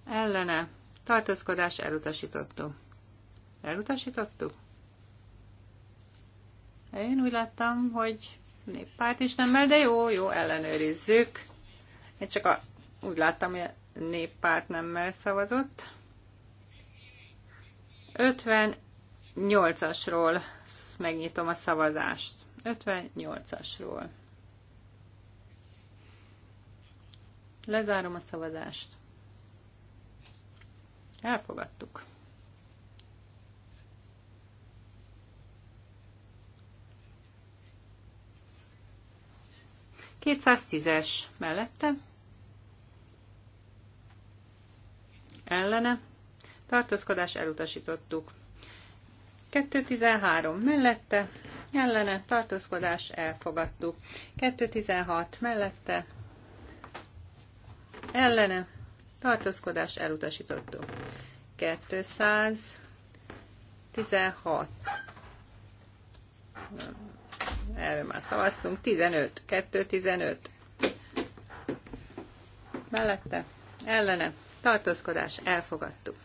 ellene tartózkodás elutasítottuk. Elutasítottuk? Én úgy láttam, hogy néppárt is nem, de jó, jó, ellenőrizzük. Én csak a, úgy láttam, hogy a néppárt nemmel szavazott. 58-asról megnyitom a szavazást. 58-asról. Lezárom a szavazást. Elfogadtuk. Kétszáztízes mellette. Ellene. Tartózkodás elutasítottuk. 213 mellette, ellene, tartózkodás, elfogadtuk. 216 mellette, ellene, tartózkodás elutasítottuk. 216. Erről már szavaztunk. 15. 215. Mellette, ellene, tartózkodás elfogadtuk.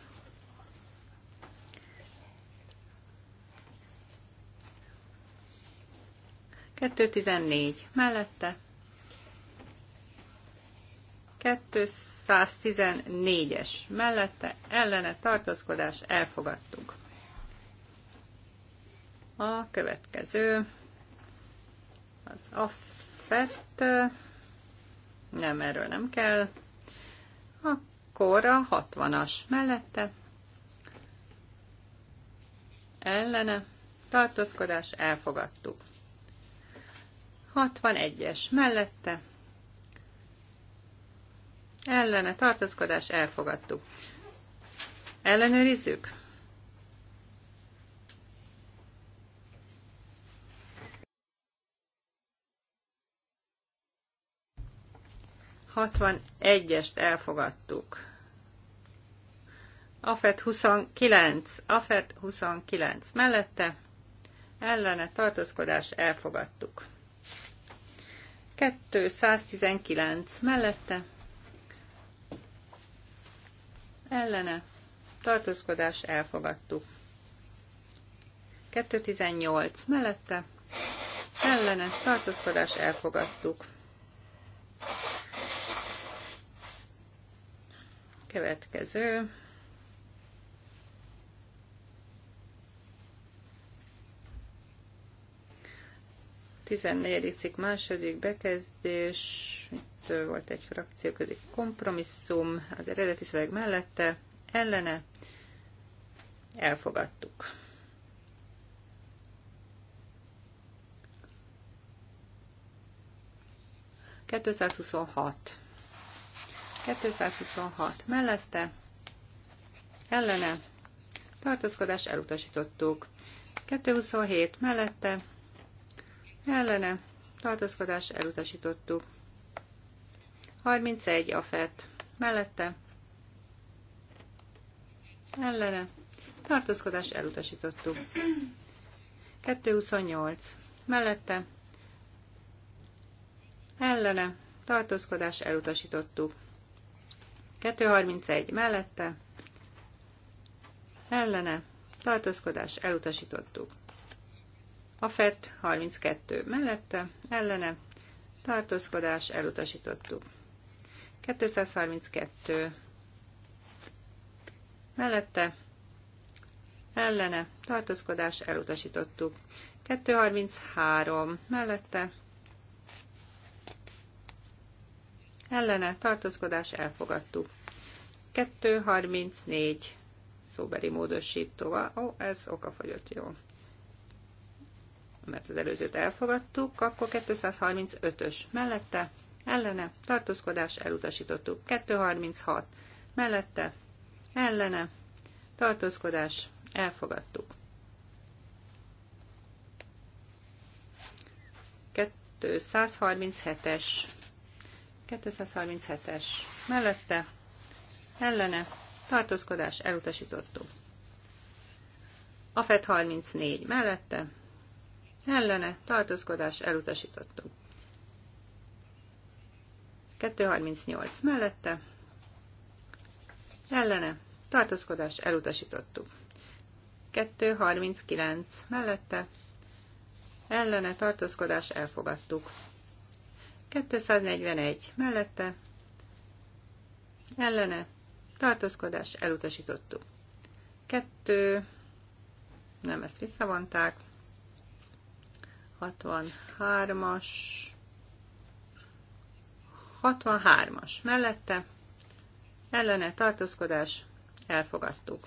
Kettő tizennégy mellette. Kettősz 114-es mellette ellene tartózkodás elfogadtuk. A következő az affett, nem, erről nem kell. Akkor a 60-as mellette ellene tartózkodás elfogadtuk. 61-es mellette ellene tartózkodás elfogadtuk. Ellenőrizzük? Hatvan egyest elfogadtuk. Afet 29, Afet 29 mellette, ellene tartózkodás elfogadtuk. 219 mellette, ellene, tartózkodás elfogadtuk. 218 mellette, ellene, tartózkodás elfogadtuk. Következő 14. cikk második bekezdés, itt volt egy közé kompromisszum, az eredeti szöveg mellette, ellene, elfogadtuk. Kettőszázhuszonhat. 226 mellette, ellene, tartózkodás elutasítottuk. 227 mellette, ellene tartózkodás elutasítottuk. 31 a FET mellette ellene tartózkodás elutasítottuk. 228 mellette ellene tartózkodás elutasítottuk. 231 mellette ellene tartózkodás elutasítottuk. A FET e 32 mellette, ellene, tartózkodás, elutasítottuk. 232 mellette, ellene, tartózkodás, elutasítottuk. 233 mellette, ellene, tartózkodás, elfogadtuk. 234 szóbeli módosítóval. Ó, ez okafogyott, jó mert az előzőt elfogadtuk, akkor 235-ös mellette, ellene, tartózkodás, elutasítottuk. 236 mellette, ellene, tartózkodás, elfogadtuk. 237-es, 237-es mellette, ellene, tartózkodás, elutasítottuk. A FED 34 mellette, ellene tartózkodás elutasítottuk. 238 mellette ellene tartózkodás elutasítottuk. 239 mellette ellene tartózkodás elfogadtuk. 241 mellette ellene tartózkodás elutasítottuk. 2 nem ezt visszavonták. 63-as, 63-as mellette, ellene tartózkodás, elfogadtuk.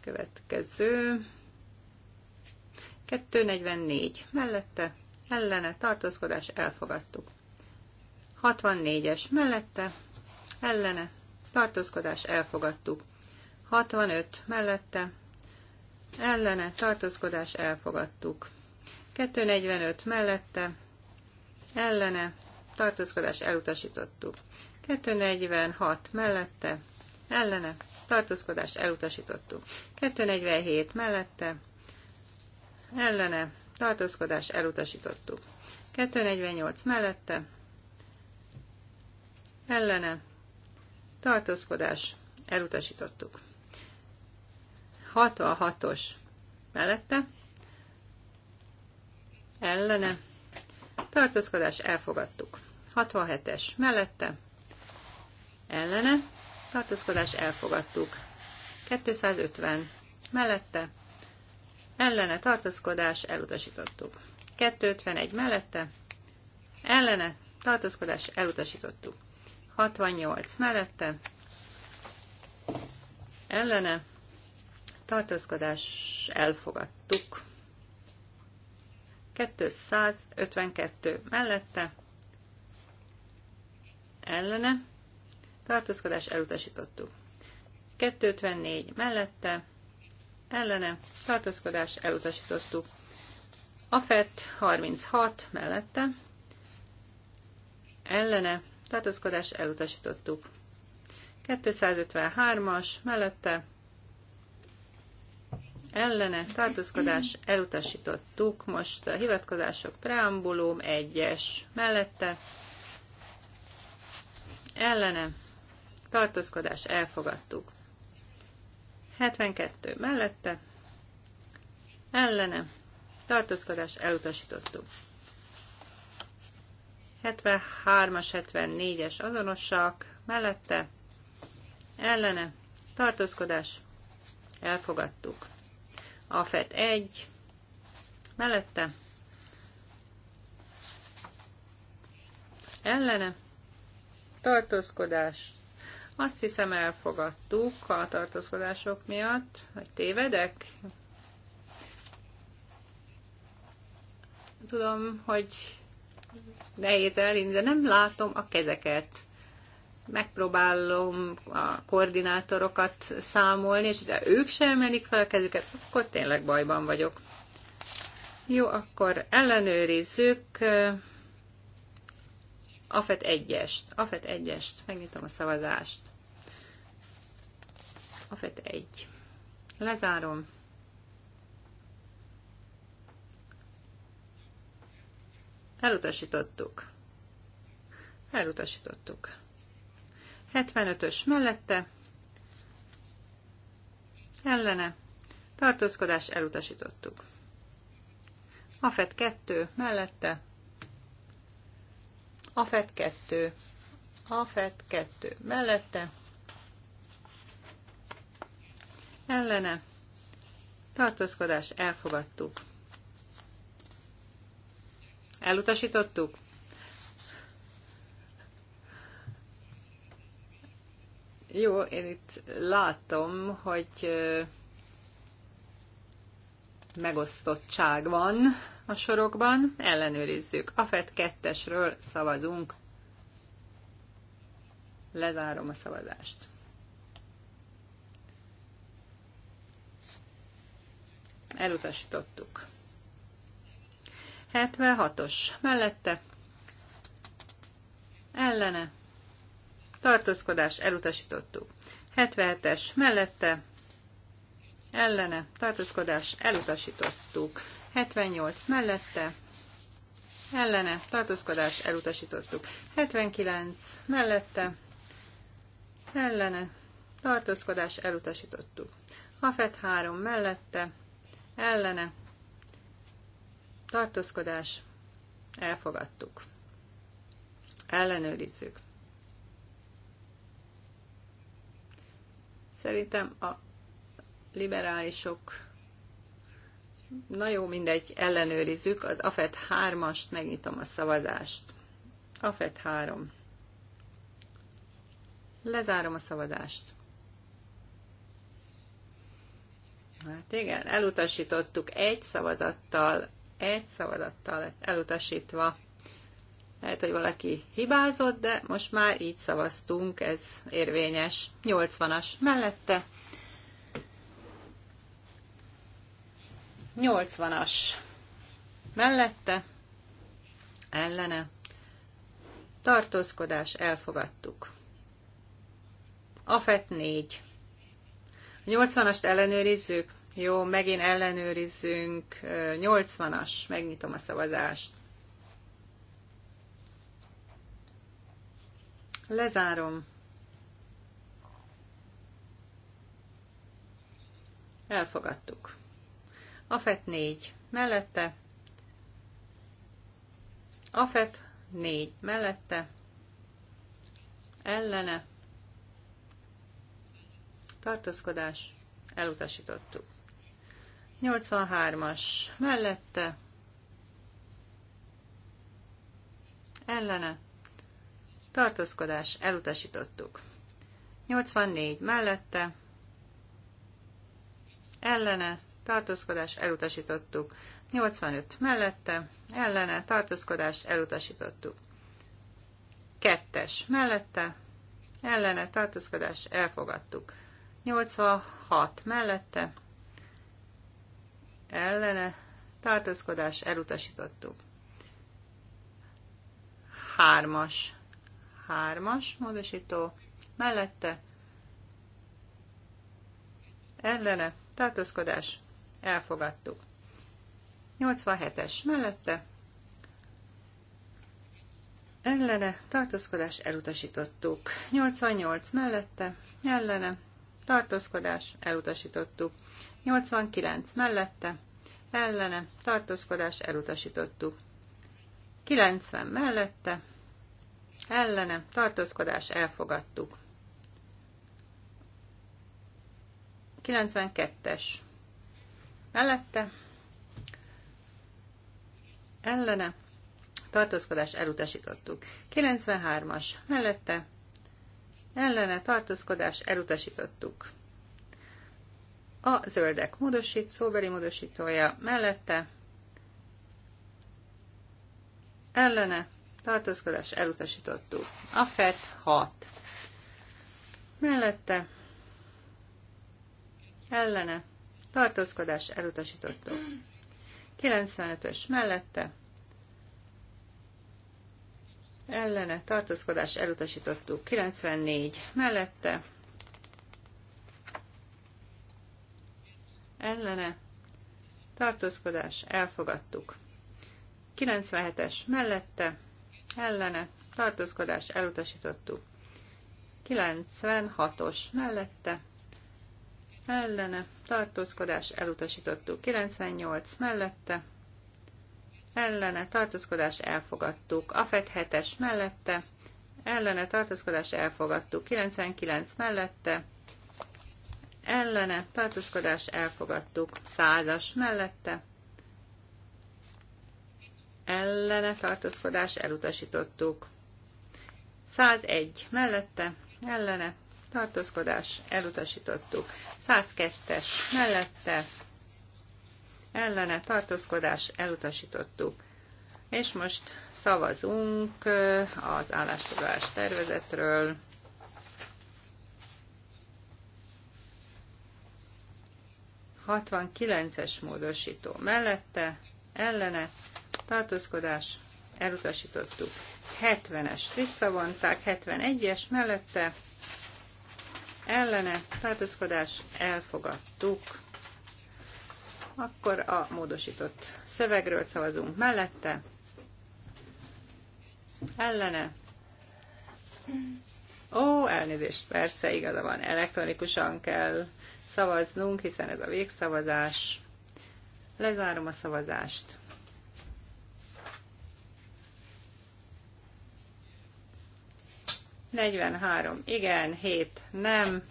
Következő, 244 mellette, ellene tartózkodás, elfogadtuk. 64-es mellette, ellene tartózkodás, elfogadtuk. 65 mellette, ellene tartózkodás elfogadtuk. 245 mellette ellene tartózkodás elutasítottuk. 246 mellette ellene tartózkodás elutasítottuk. 247 mellette ellene tartózkodás elutasítottuk. 248 mellette ellene tartózkodás elutasítottuk. 66-os mellette, ellene, tartózkodás elfogadtuk. 67-es mellette, ellene, tartózkodás elfogadtuk. 250 mellette, ellene, tartózkodás elutasítottuk. 251 mellette, ellene, tartózkodás elutasítottuk. 68 mellette, ellene, tartózkodás elfogadtuk. 252 mellette ellene tartózkodás elutasítottuk. 254 mellette ellene tartózkodás elutasítottuk. A FET 36 mellette ellene tartózkodás elutasítottuk. 253-as mellette ellene tartózkodás elutasítottuk. Most a hivatkozások preambulum 1-es mellette ellene tartózkodás elfogadtuk. 72 mellette ellene tartózkodás elutasítottuk. 73-as, 74-es azonosak, mellette, ellene, tartózkodás, elfogadtuk a FET 1 mellette ellene tartózkodás. Azt hiszem elfogadtuk a tartózkodások miatt, hogy tévedek. Tudom, hogy nehéz elindulni, de nem látom a kezeket megpróbálom a koordinátorokat számolni, és ha ők sem emelik fel a kezüket, akkor tényleg bajban vagyok. Jó, akkor ellenőrizzük. Eh, Afet 1-est. Afet 1-est. Megnyitom a szavazást. Afet 1. Lezárom. Elutasítottuk. Elutasítottuk. 75-ös mellette, ellene, tartózkodás elutasítottuk. AFET 2 mellette, AFET 2, AFET 2 mellette, ellene, tartózkodás elfogadtuk. Elutasítottuk? Jó, én itt látom, hogy megosztottság van a sorokban. Ellenőrizzük. A FED 2-esről szavazunk. Lezárom a szavazást. Elutasítottuk. 76-os mellette. Ellene tartózkodás elutasítottuk. 77-es mellette ellene tartózkodás elutasítottuk. 78 mellette ellene tartózkodás elutasítottuk. 79 mellette ellene tartózkodás elutasítottuk. Hafet 3 mellette ellene tartózkodás elfogadtuk. Ellenőrizzük. Szerintem a liberálisok Na jó, mindegy, ellenőrizzük. Az AFET 3-ast megnyitom a szavazást. AFET 3. Lezárom a szavazást. Hát igen, elutasítottuk egy szavazattal, egy szavazattal elutasítva. Lehet, hogy valaki hibázott, de most már így szavaztunk, ez érvényes. 80-as mellette. 80-as mellette. Ellene. Tartózkodás elfogadtuk. Afet 4. A 80-ast ellenőrizzük? Jó, megint ellenőrizzünk. 80-as, megnyitom a szavazást. Lezárom. Elfogadtuk. Afet 4 mellette. Afet 4 mellette. Ellene. Tartózkodás. Elutasítottuk. 83-as mellette. Ellene tartózkodás elutasítottuk. 84 mellette, ellene, tartózkodás elutasítottuk. 85 mellette, ellene, tartózkodás elutasítottuk. Kettes mellette, ellene, tartózkodás elfogadtuk. 86 mellette, ellene, tartózkodás elutasítottuk. Hármas 3-as módosító mellette ellene tartózkodás elfogadtuk. 87-es mellette ellene tartózkodás elutasítottuk. 88 mellette ellene tartózkodás elutasítottuk. 89 mellette ellene tartózkodás elutasítottuk. 90 mellette ellene tartózkodás elfogadtuk. 92-es mellette ellene tartózkodás elutasítottuk. 93-as mellette ellene tartózkodás elutasítottuk. A zöldek módosít, szóbeli módosítója mellette ellene tartózkodás elutasítottuk. A FET 6. Mellette ellene tartózkodás elutasítottuk. 95-ös mellette ellene tartózkodás elutasítottuk. 94 mellette ellene tartózkodás elfogadtuk. 97-es mellette ellene tartózkodás elutasítottuk. 96-os mellette ellene tartózkodás elutasítottuk. 98 mellette ellene tartózkodás elfogadtuk. Afet 7-es mellette ellene tartózkodás elfogadtuk. 99 mellette ellene tartózkodás elfogadtuk. 100-as mellette ellene tartózkodás elutasítottuk. 101 mellette ellene tartózkodás elutasítottuk. 102-es mellette ellene tartózkodás elutasítottuk. És most szavazunk az állásfoglalás tervezetről. es módosító mellette, ellene tartózkodás, elutasítottuk. 70 es visszavonták, 71-es mellette, ellene, tartózkodás, elfogadtuk. Akkor a módosított szövegről szavazunk mellette, ellene, Ó, elnézést, persze, igaza van, elektronikusan kell szavaznunk, hiszen ez a végszavazás. Lezárom a szavazást. 43 igen, 7 nem.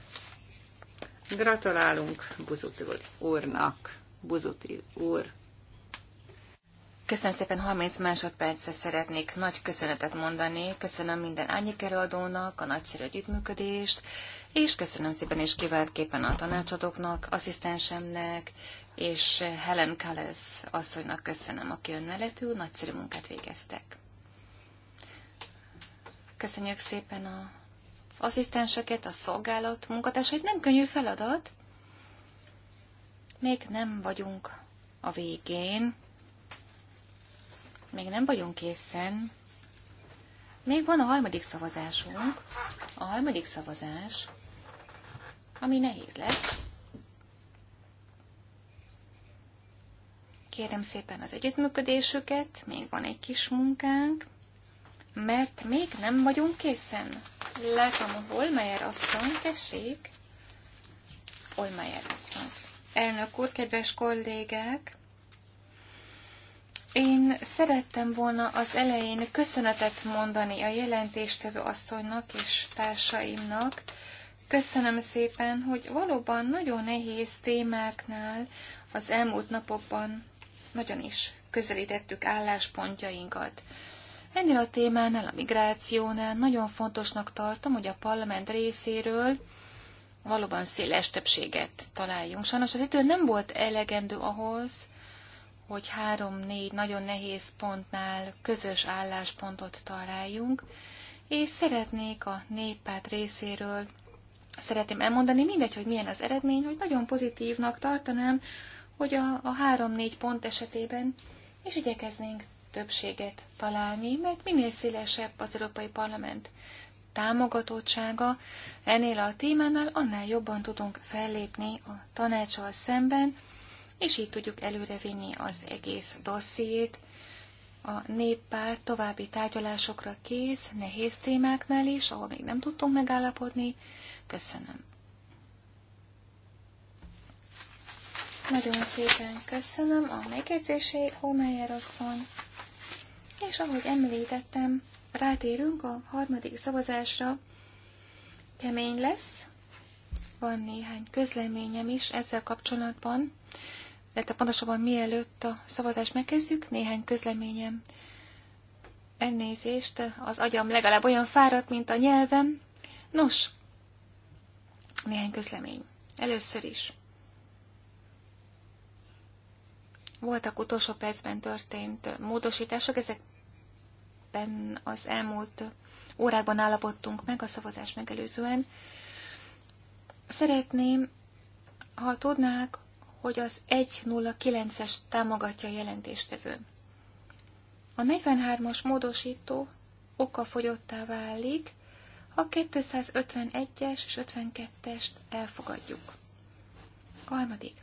Gratulálunk Buzuti úrnak. Buzuti úr. Köszönöm szépen, 30 másodpercre szeretnék nagy köszönetet mondani. Köszönöm minden árnyék előadónak a nagyszerű együttműködést, és köszönöm szépen és kiváltképpen a tanácsadóknak, asszisztensemnek, és Helen Kalles asszonynak köszönöm, aki ön mellettül nagyszerű munkát végeztek. Köszönjük szépen a az asszisztenseket, a szolgálat munkatársait. Nem könnyű feladat. Még nem vagyunk a végén. Még nem vagyunk készen. Még van a harmadik szavazásunk. A harmadik szavazás, ami nehéz lesz. Kérem szépen az együttműködésüket, még van egy kis munkánk mert még nem vagyunk készen. Látom hol Holmeyer asszony, tessék. Holmeyer asszony. Elnök úr, kedves kollégák, én szerettem volna az elején köszönetet mondani a jelentéstevő asszonynak és társaimnak. Köszönöm szépen, hogy valóban nagyon nehéz témáknál az elmúlt napokban nagyon is közelítettük álláspontjainkat. Ennél a témánál, a migrációnál nagyon fontosnak tartom, hogy a parlament részéről valóban széles többséget találjunk. Sajnos az idő nem volt elegendő ahhoz, hogy három-négy nagyon nehéz pontnál közös álláspontot találjunk, és szeretnék a néppárt részéről, szeretném elmondani, mindegy, hogy milyen az eredmény, hogy nagyon pozitívnak tartanám, hogy a, a három-négy pont esetében és igyekeznénk többséget találni, mert minél szélesebb az Európai Parlament támogatottsága, ennél a témánál annál jobban tudunk fellépni a tanácsal szemben, és így tudjuk előrevinni az egész dossziét. A néppárt további tárgyalásokra kész, nehéz témáknál is, ahol még nem tudtunk megállapodni. Köszönöm. Nagyon szépen köszönöm a megjegyzését, Holmeyer asszony. És ahogy említettem, rátérünk a harmadik szavazásra. Kemény lesz. Van néhány közleményem is ezzel kapcsolatban, Lehet pontosabban mielőtt a szavazást megkezdjük, néhány közleményem. Elnézést, az agyam legalább olyan fáradt, mint a nyelvem. Nos, néhány közlemény. Először is. Voltak utolsó percben történt módosítások, ezek ebben az elmúlt órákban állapodtunk meg a szavazás megelőzően. Szeretném, ha tudnák, hogy az 109-es támogatja a jelentéstevő. A 43-as módosító okafogyottá válik, ha 251-es és 52-est elfogadjuk. Harmadik.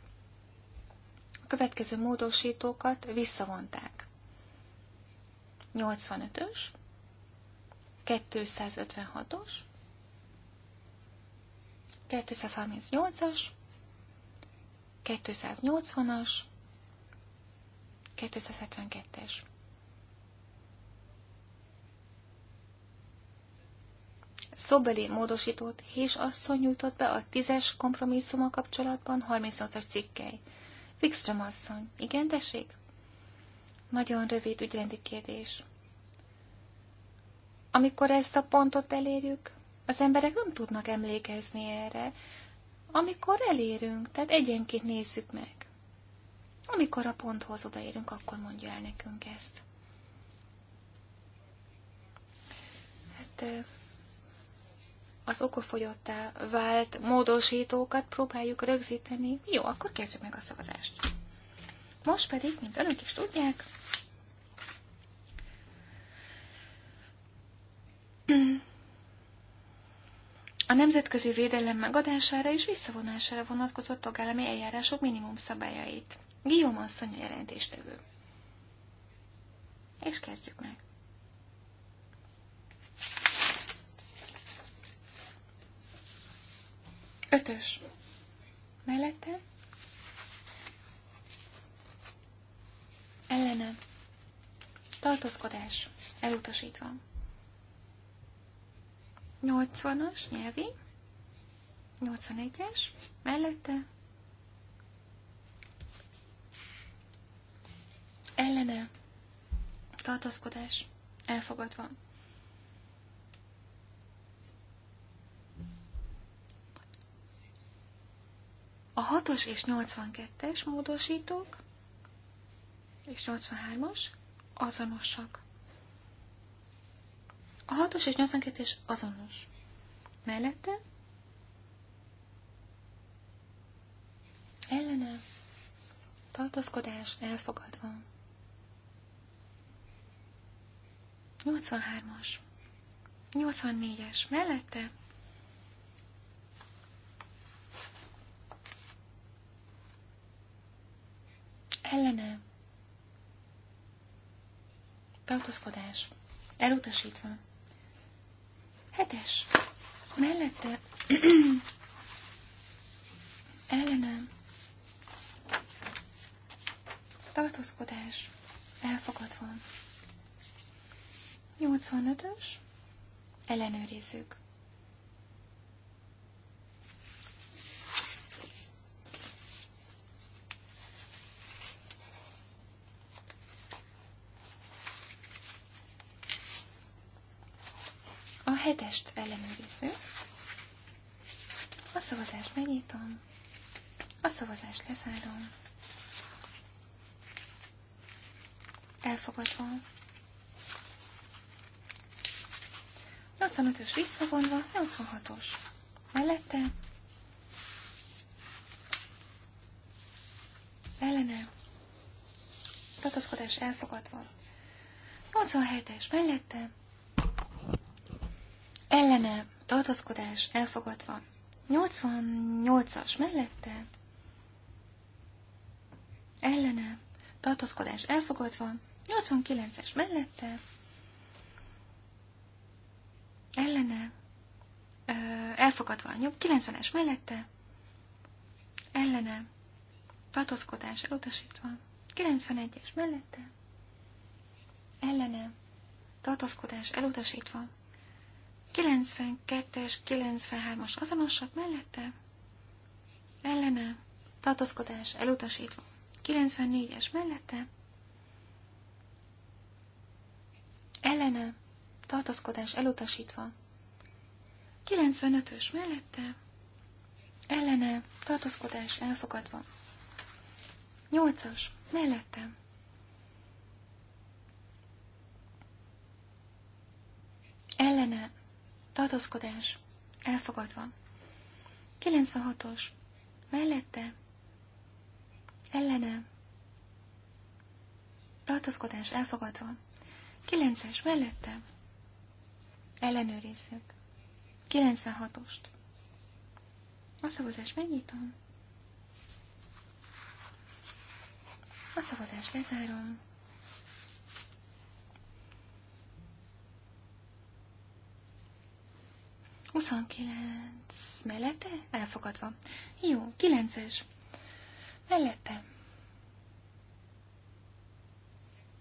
A következő módosítókat visszavonták. 85-ös, 256-os, 238-as, 280-as, 272-es. Szobeli módosítót Hés asszony nyújtott be a tízes kompromisszuma kapcsolatban 38-as cikkely. Wikström asszony, igen, tessék? Nagyon rövid ügyrendi kérdés. Amikor ezt a pontot elérjük, az emberek nem tudnak emlékezni erre. Amikor elérünk, tehát egyenként nézzük meg. Amikor a ponthoz odaérünk, akkor mondja el nekünk ezt. Hát az okofogyottá vált módosítókat próbáljuk rögzíteni. Jó, akkor kezdjük meg a szavazást. Most pedig, mint önök is tudják, a nemzetközi védelem megadására és visszavonására vonatkozó tagállami eljárások minimum szabályait. Guillaume asszony a jelentéstevő. És kezdjük meg. Ötös. Mellette ellene, tartózkodás, elutasítva. 80-as, nyelvi, 81-es, mellette, ellene, tartózkodás, elfogadva. A 6-os és 82-es módosítók és 83-as azonosak. A 6-os és 82-es azonos. Mellette ellene tartózkodás elfogadva. 83-as. 84-es. Mellette ellene tartózkodás, elutasítva. Hetes, mellette, (clears throat) ellenem, tartózkodás, elfogadva. 85-ös, ellenőrizzük. hetest ellenőrizzük. A szavazást megnyitom. A szavazást lezárom. Elfogadva. 85-ös visszavonva, 86-os. Mellette. Ellene. Tartozkodás elfogadva. 87-es mellette ellene tartózkodás elfogadva. 88-as mellette ellene tartózkodás elfogadva. 89-es mellette ellene ö, elfogadva. 90-es mellette ellene tartózkodás elutasítva. 91-es mellette ellene tartózkodás elutasítva. 92-es, 93-as azonosak mellette, ellene, tartózkodás elutasítva. 94-es mellette, ellene, tartózkodás elutasítva. 95-ös mellette, ellene, tartózkodás elfogadva. 8-as mellette, ellene tartózkodás, elfogadva. 96-os, mellette, ellene, tartózkodás, elfogadva. 9-es, mellette, ellenőrizzük. 96-ost. A szavazás megnyitom. A szavazás lezárom. 29 mellette? Elfogadva. Jó, 9-es. Mellette.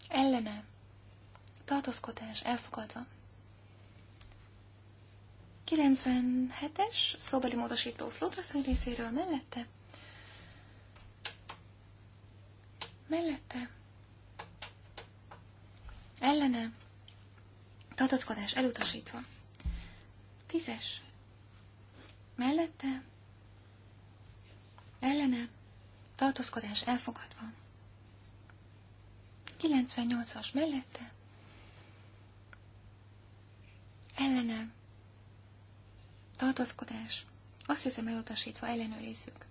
Ellene. Tartózkodás elfogadva. 97-es szóbeli módosító flótraszony részéről mellette. Mellette. Ellene. Tartózkodás elutasítva. Tízes. Mellette. Ellene. Tartózkodás elfogadva. 98-as mellette. Ellene. Tartózkodás. Azt hiszem elutasítva ellenőrizzük.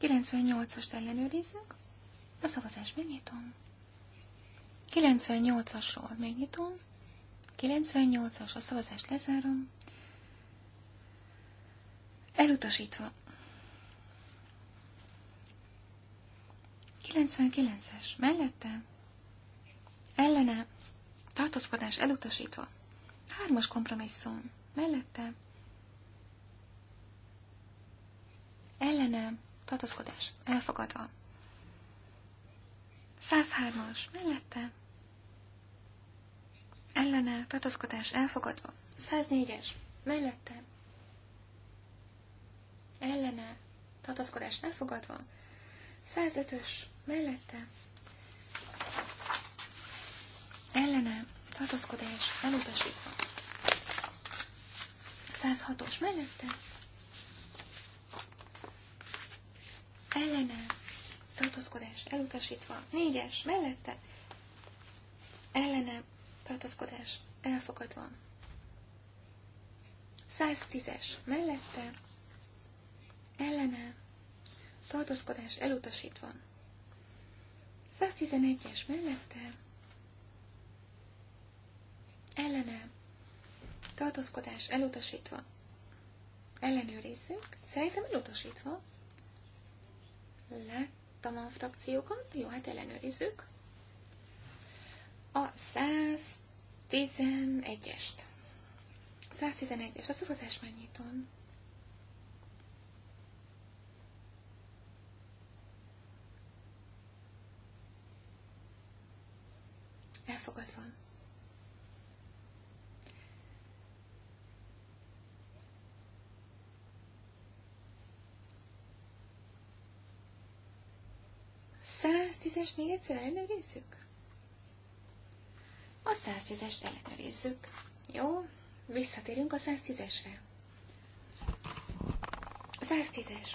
98-ast ellenőrizzük. A szavazást megnyitom. 98-asról megnyitom. 98-as, a szavazást lezárom. Elutasítva. 99-es, mellette. Ellene. Tartózkodás elutasítva. Hármas kompromisszum, mellette. Ellene. Tartózkodás elfogadva. 103-as, mellette ellene, tartózkodás elfogadva. 104-es, mellette, ellene, tartózkodás elfogadva. 105-ös, mellette, ellene, tartózkodás elutasítva. 106-os mellette, ellene, tartózkodás elutasítva. 4-es mellette, ellene, tartozkodás elfogadva. 110-es mellette, ellene, tartozkodás elutasítva. 111-es mellette, ellene, tartozkodás elutasítva. Ellenőrizzük, szerintem elutasítva. Láttam a frakciókat, jó, hát ellenőrizzük a 111-est. 111-es, a szavazás megnyitom. Elfogadva. Száz tízes még egyszer ellenőrizzük? A 110-est ellenőrizzük. Jó, visszatérünk a 110-esre. 110-es.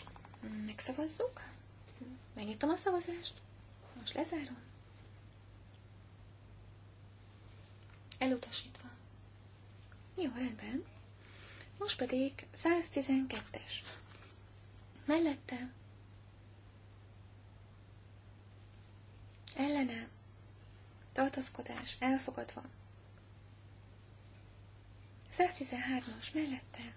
Megszavazzuk. Megnyitom a szavazást. Most lezárom. Elutasítva. Jó, rendben. Most pedig 112-es. Mellette. Ellenem. Tartozkodás elfogadva. 113-as mellette,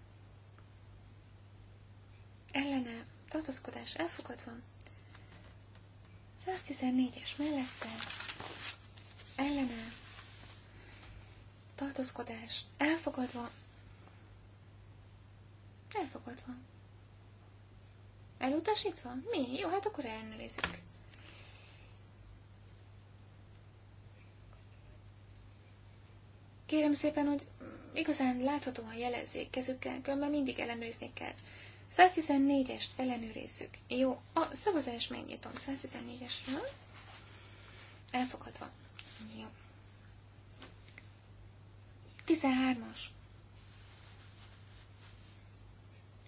ellene, Tartozkodás elfogadva. 114-es mellette, ellene, Tartozkodás elfogadva. Elfogadva. Elutasítva? Mi? Jó, hát akkor ellenőrizzük. Kérem szépen, hogy igazán láthatóan jelezzék kezükkel, különben mindig ellenőrizni kell. 114-est ellenőrizzük. Jó, a szavazás megnyitom 114-esről. Elfogadva. Jó. 13-as.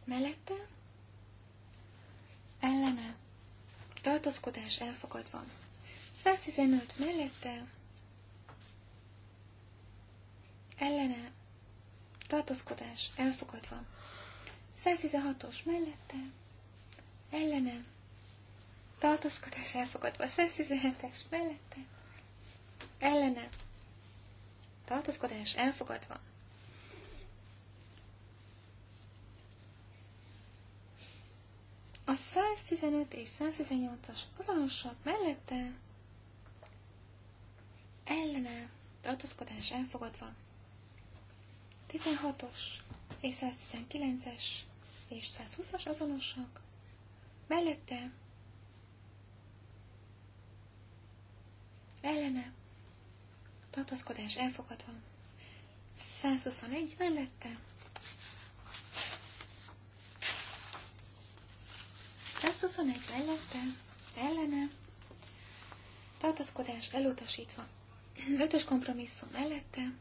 Mellette? Ellene. Tartózkodás elfogadva. 115 mellette ellene, tartózkodás elfogadva. 116-os mellette, ellene, tartózkodás elfogadva. 117-es mellette, ellene, tartózkodás elfogadva. A 115 és 118-as azonosak mellette ellene tartózkodás elfogadva. 16-os és 119-es és 120-as azonosak. Mellette ellene tartozkodás elfogadva. 121 mellette 121 mellette, ellene, tartaszkodás elutasítva, ötös kompromisszum mellette,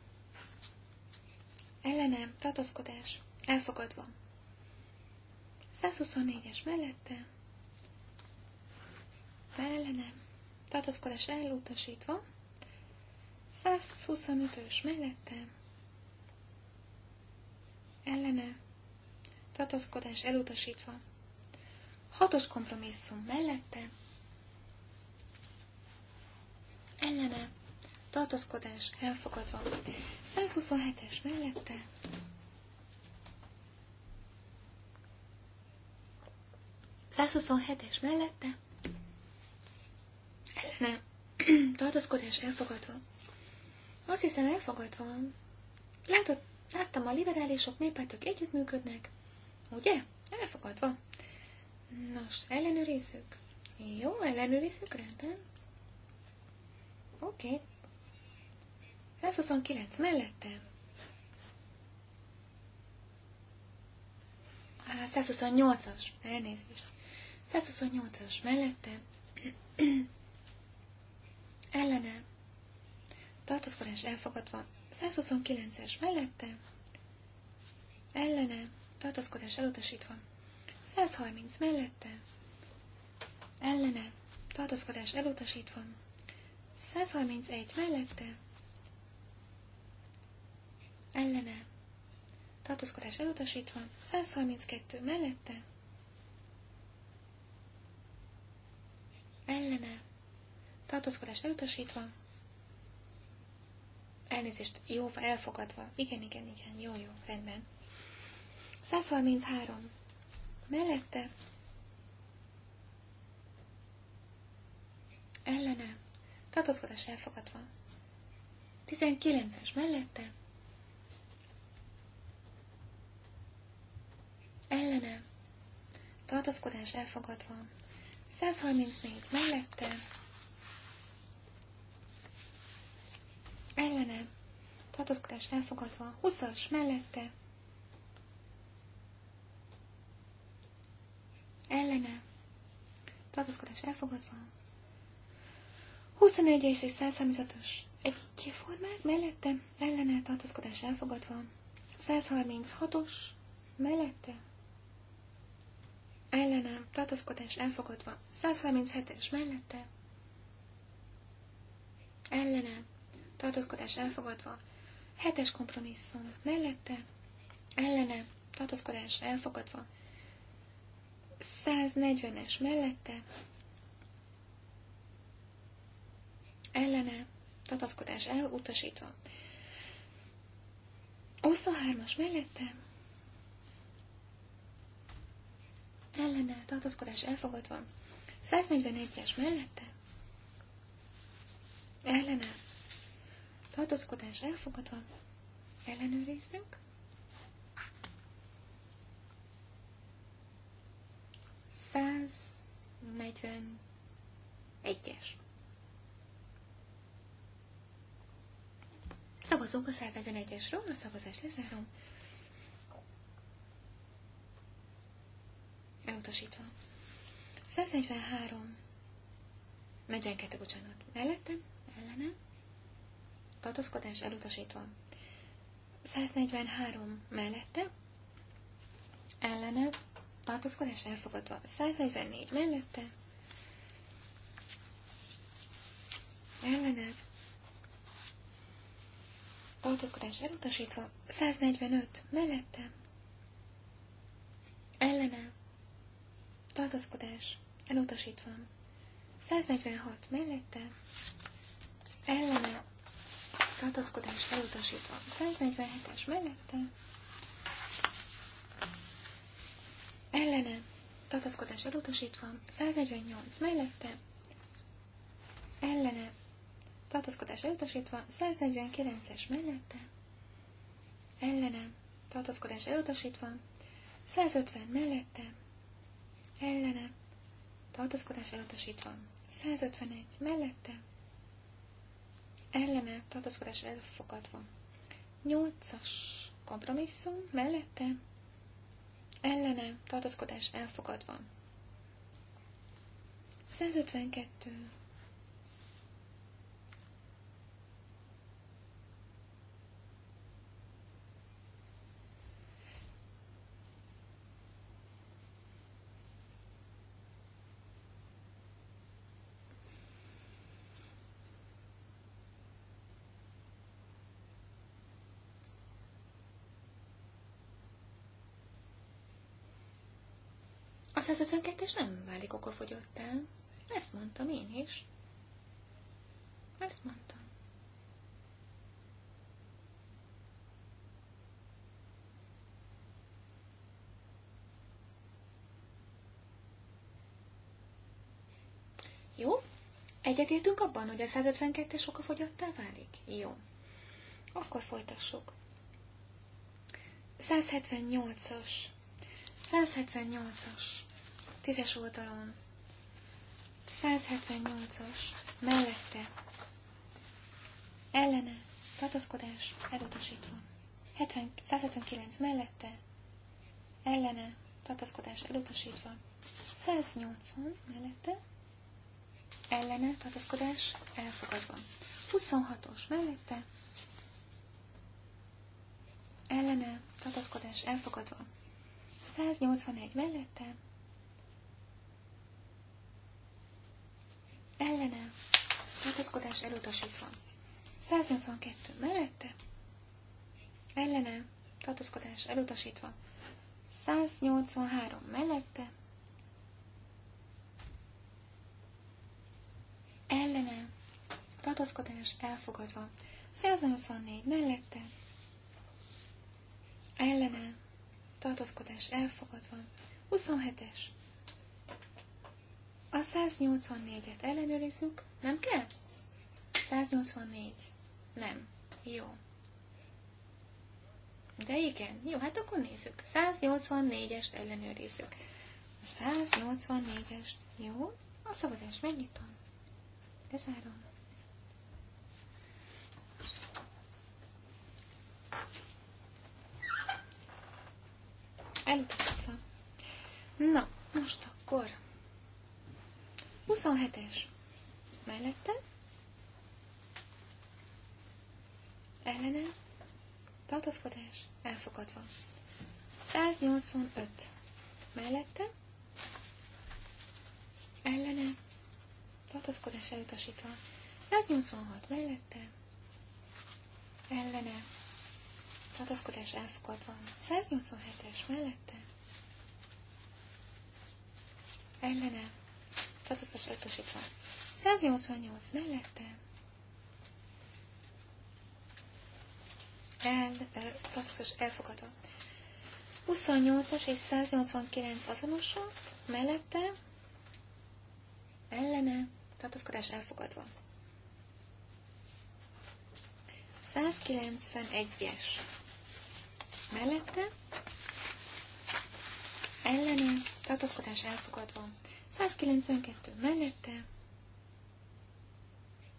ellenem, tartozkodás, elfogadva. 124-es mellette, ellenem, tartozkodás elutasítva, 125-ös mellette, ellene, tartozkodás elutasítva, 6-os kompromisszum mellette, ellene, tartózkodás elfogadva. 127-es mellette es mellette ellene (clears throat) tartózkodás elfogadva. Azt hiszem elfogadva. Látott, láttam a liberálisok népátok együttműködnek, ugye? Elfogadva. Nos, ellenőrizzük. Jó, ellenőrizzük, rendben. Oké. Okay. 129 mellette. 128-as, elnézést. 128-as mellette. (clears throat) Ellene. Tartózkodás elfogadva. 129-es mellette. Ellene. Tartózkodás elutasítva. 130 mellette. Ellene. Tartózkodás elutasítva. 131 mellette ellene, tartózkodás elutasítva, 132 mellette, ellene, tartózkodás elutasítva, elnézést, jó, elfogadva, igen, igen, igen, jó, jó, rendben. 133 mellette, ellene, tartózkodás elfogadva, 19-es mellette, ellene, tartózkodás elfogadva, 134 mellette, ellene, tartózkodás elfogadva, 20-as mellette, ellene, tartózkodás elfogadva, 21-es és 135 egy egyformák mellette, ellene, Tartozkodás elfogadva, 136-os mellette, ellenem, tartózkodás elfogadva, 137-es mellette, ellenem, tartózkodás elfogadva, 7-es kompromisszum mellette, ellenem, tartózkodás elfogadva, 140-es mellette, ellene, tartózkodás elutasítva, 23-as mellette, ellene tartózkodás elfogadva. 141-es mellette ellene tartózkodás elfogadva. Ellenőrizzük. 141-es. Szavazunk a 141-esről, a szavazást lezárom. elutasítva. 143. 42, bocsánat. Mellette, Ellenem? Tartozkodás elutasítva. 143 mellette, Ellenem? Tartozkodás elfogadva. 144 mellette, Ellenem? Tartozkodás elutasítva. 145 mellette, Ellenem? Tartozkodás. elutasítva. 146 mellette, ellene, Tartozkodás. elutasítva. 147-es mellette, ellene, Tartozkodás. elutasítva. 148 mellette, ellene, Tartozkodás. elutasítva. 149-es mellette, ellene, Tartozkodás. elutasítva. 150 mellette, ellene, tartózkodás elutasítva. 151 mellette, ellene, tartózkodás elfogadva. 8-as kompromisszum mellette, ellene, tartózkodás elfogadva. 152 A 152-es nem válik okafogyottá. Ezt mondtam én is. Ezt mondtam. Jó? Egyetértünk abban, hogy a 152-es okafogyottá válik? Jó. Akkor folytassuk. 178-as. 178-as. Tízes oldalon. 178-as. Mellette. Ellene. Tartozkodás. Elutasítva. 70, 179 mellette. Ellene. Tartozkodás. Elutasítva. 180 mellette. Ellene. Tartozkodás. Elfogadva. 26-os mellette. Ellene. Tartozkodás. Elfogadva. 181 mellette ellene, tartózkodás elutasítva. 182 mellette, ellene, tartózkodás elutasítva. 183 mellette, ellene, tartózkodás elfogadva. 184 mellette, ellene, tartózkodás elfogadva. 27-es a 184-et ellenőrizzük. Nem kell? 184. Nem. Jó. De igen. Jó, hát akkor nézzük. 184-est ellenőrizzük. A 184-est. Jó. A szavazás megnyitom. Bezárom. Elutasítva. Na, most akkor 27-es. Mellette. Ellene. Tartózkodás. Elfogadva. 185. Mellette. Ellene. Tartózkodás elutasítva. 186. Mellette. Ellene. Tartózkodás elfogadva. 187-es. Mellette. Ellene itt van. 188 mellette el, tartózkodás elfogadva. 28-as és 189 azonosok, mellette, ellene, tartózkodás elfogadva. 191-es, mellette, ellene, tartózkodás elfogadva. 192 mellette,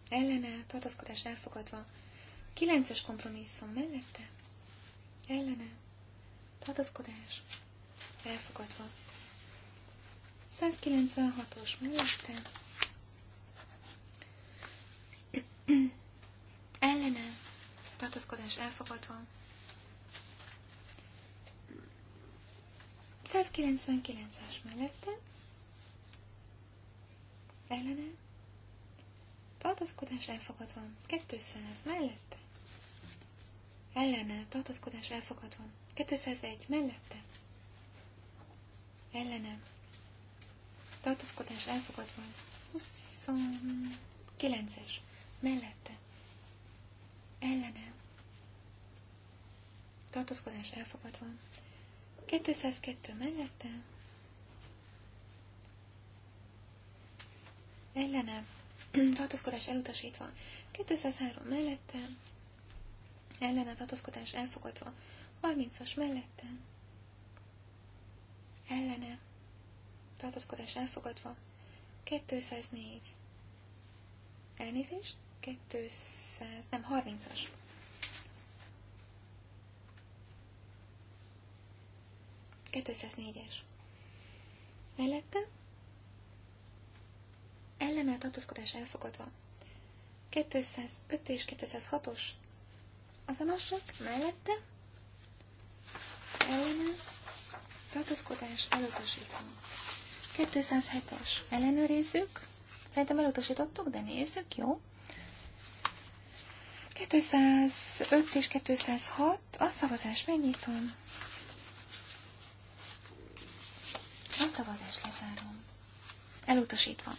ellene, tartózkodás elfogadva, 9-es kompromisszum mellette, ellene, tartózkodás elfogadva, 196-os mellette, ellene, tartózkodás elfogadva, 199-es mellette, ellene, tartózkodás elfogadva, 200 mellette, ellene, tartózkodás elfogadva, 201 mellette, ellene, tartózkodás elfogadva, 29-es mellette, ellene, tartózkodás elfogadva, 202 mellette, ellene, tartózkodás elutasítva, 203 mellette, ellene tartózkodás elfogadva, 30-as mellette, ellene, tartózkodás elfogadva, 204, elnézést, 200, nem, 30-as. Kettőszáznégyes. Mellette ellenáll tartózkodás elfogadva. 205 és 206-os azonosok mellette ellenáll tartózkodás elutasítva. 207-es ellenőrizzük. Szerintem elutasítottuk, de nézzük, jó? 205 és 206, a szavazás megnyitom. A szavazás lezárom. Elutasítva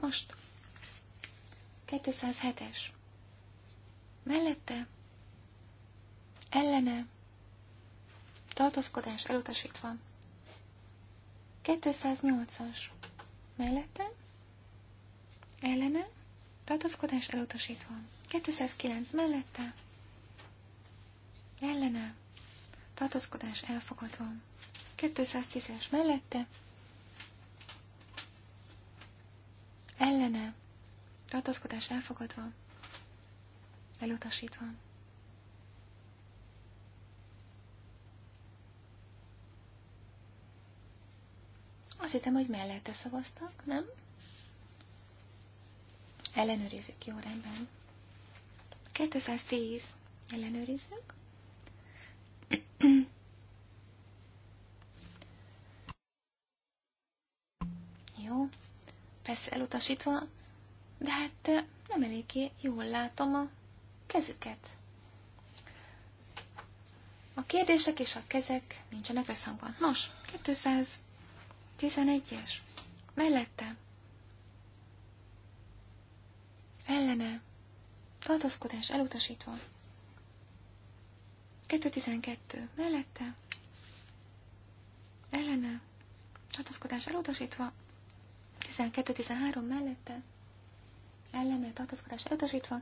most. 207-es. Mellette, ellene, tartózkodás elutasítva. 208-as. Mellette, ellene, tartózkodás elutasítva. 209 mellette, ellene, tartózkodás elfogadva. 210-es mellette, ellene, tartozkodás elfogadva, elutasítva. Azt hittem, hogy mellette szavaztak, nem? Ellenőrizzük, jó rendben. 210. Ellenőrizzük. jó persze elutasítva, de hát nem eléggé jól látom a kezüket. A kérdések és a kezek nincsenek összhangban. Nos, 211-es. Mellette. Ellene. Tartózkodás elutasítva. 212. Mellette. Ellene. Tartózkodás elutasítva. 12-13 mellette, ellene tartózkodás elutasítva,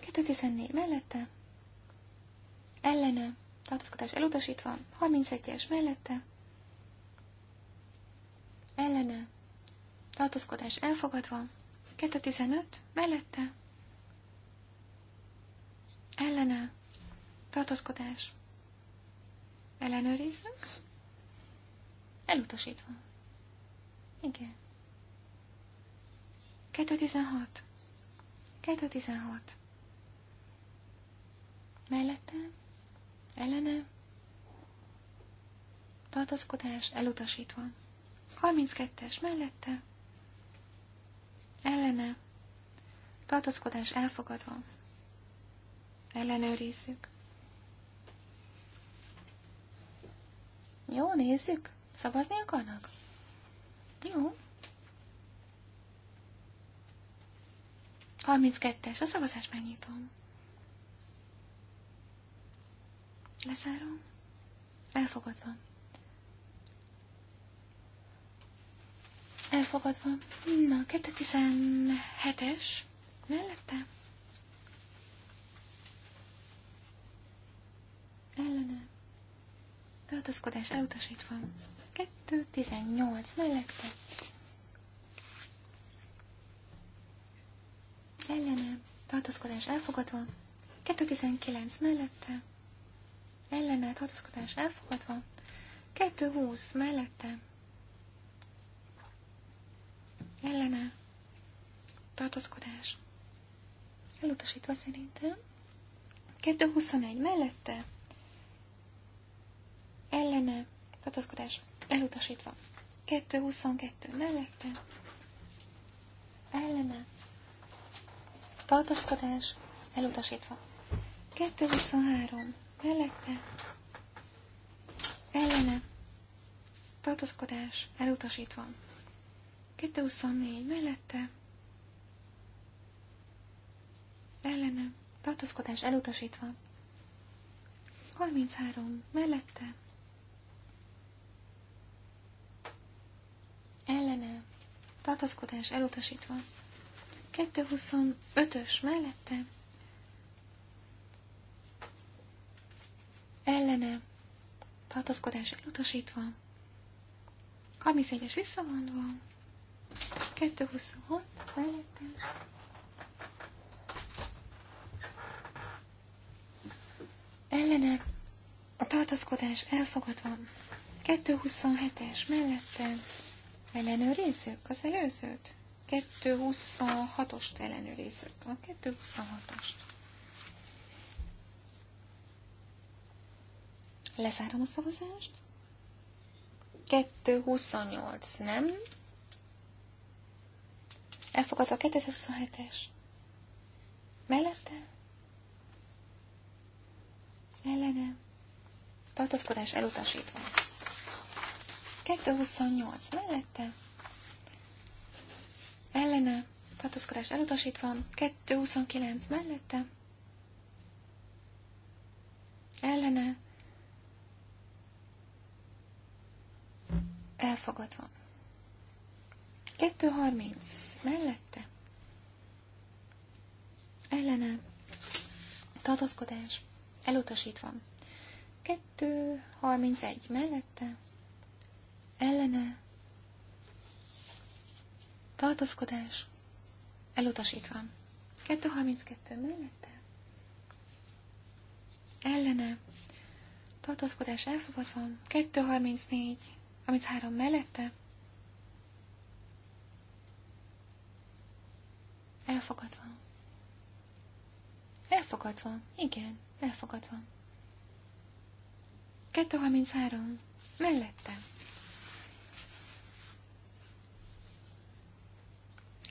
214 mellette, ellene tartózkodás elutasítva, 31-es mellette, ellene tartózkodás elfogadva, 215 mellette, ellene tartózkodás ellenőrizzük, elutasítva. Igen. 216. 216. Mellette, ellene, Tartozkodás elutasítva. 32-es mellette, ellene, Tartozkodás elfogadva. Ellenőrizzük. Jó, nézzük. Szavazni akarnak? Jó. 32-es, a szavazást megnyitom. Lezárom. Elfogadva. Elfogadva. Na, 217-es. Mellette. Ellene. Tartózkodás elutasítva. 218 mellette. ellene, tartózkodás elfogadva, 219 mellette, ellene, tartózkodás elfogadva, 220 mellette, ellene, tartózkodás elutasítva szerintem, 221 mellette, ellene, tartózkodás elutasítva, 222 mellette, ellene, Tartaszkodás elutasítva. 223 mellette, ellene, Tartaszkodás elutasítva. 224 mellette, ellene, Tartaszkodás elutasítva. 33 mellette, ellene, Tartaszkodás elutasítva. 225-ös mellette ellene tartozkodás elutasítva, 31-es visszavonva, 226 mellette ellene a tartozkodás elfogadva, 227-es mellette ellenőrizzük az előzőt. 226-ost ellenőrizzük. A 226-ost. Lezárom a szavazást. 228 nem. Elfogadta a 227 es Mellette? Ellene. Tartózkodás elutasítva. 228 mellette ellene, tartózkodás elutasítva, 229 mellette, ellene, elfogadva. 230 mellette, ellene, tartózkodás elutasítva. 231 mellette, ellene, tartózkodás, elutasítva. 232 mellette, ellene, tartózkodás elfogadva, 234, 33 mellette, elfogadva. Elfogadva, igen, elfogadva. 233, mellette.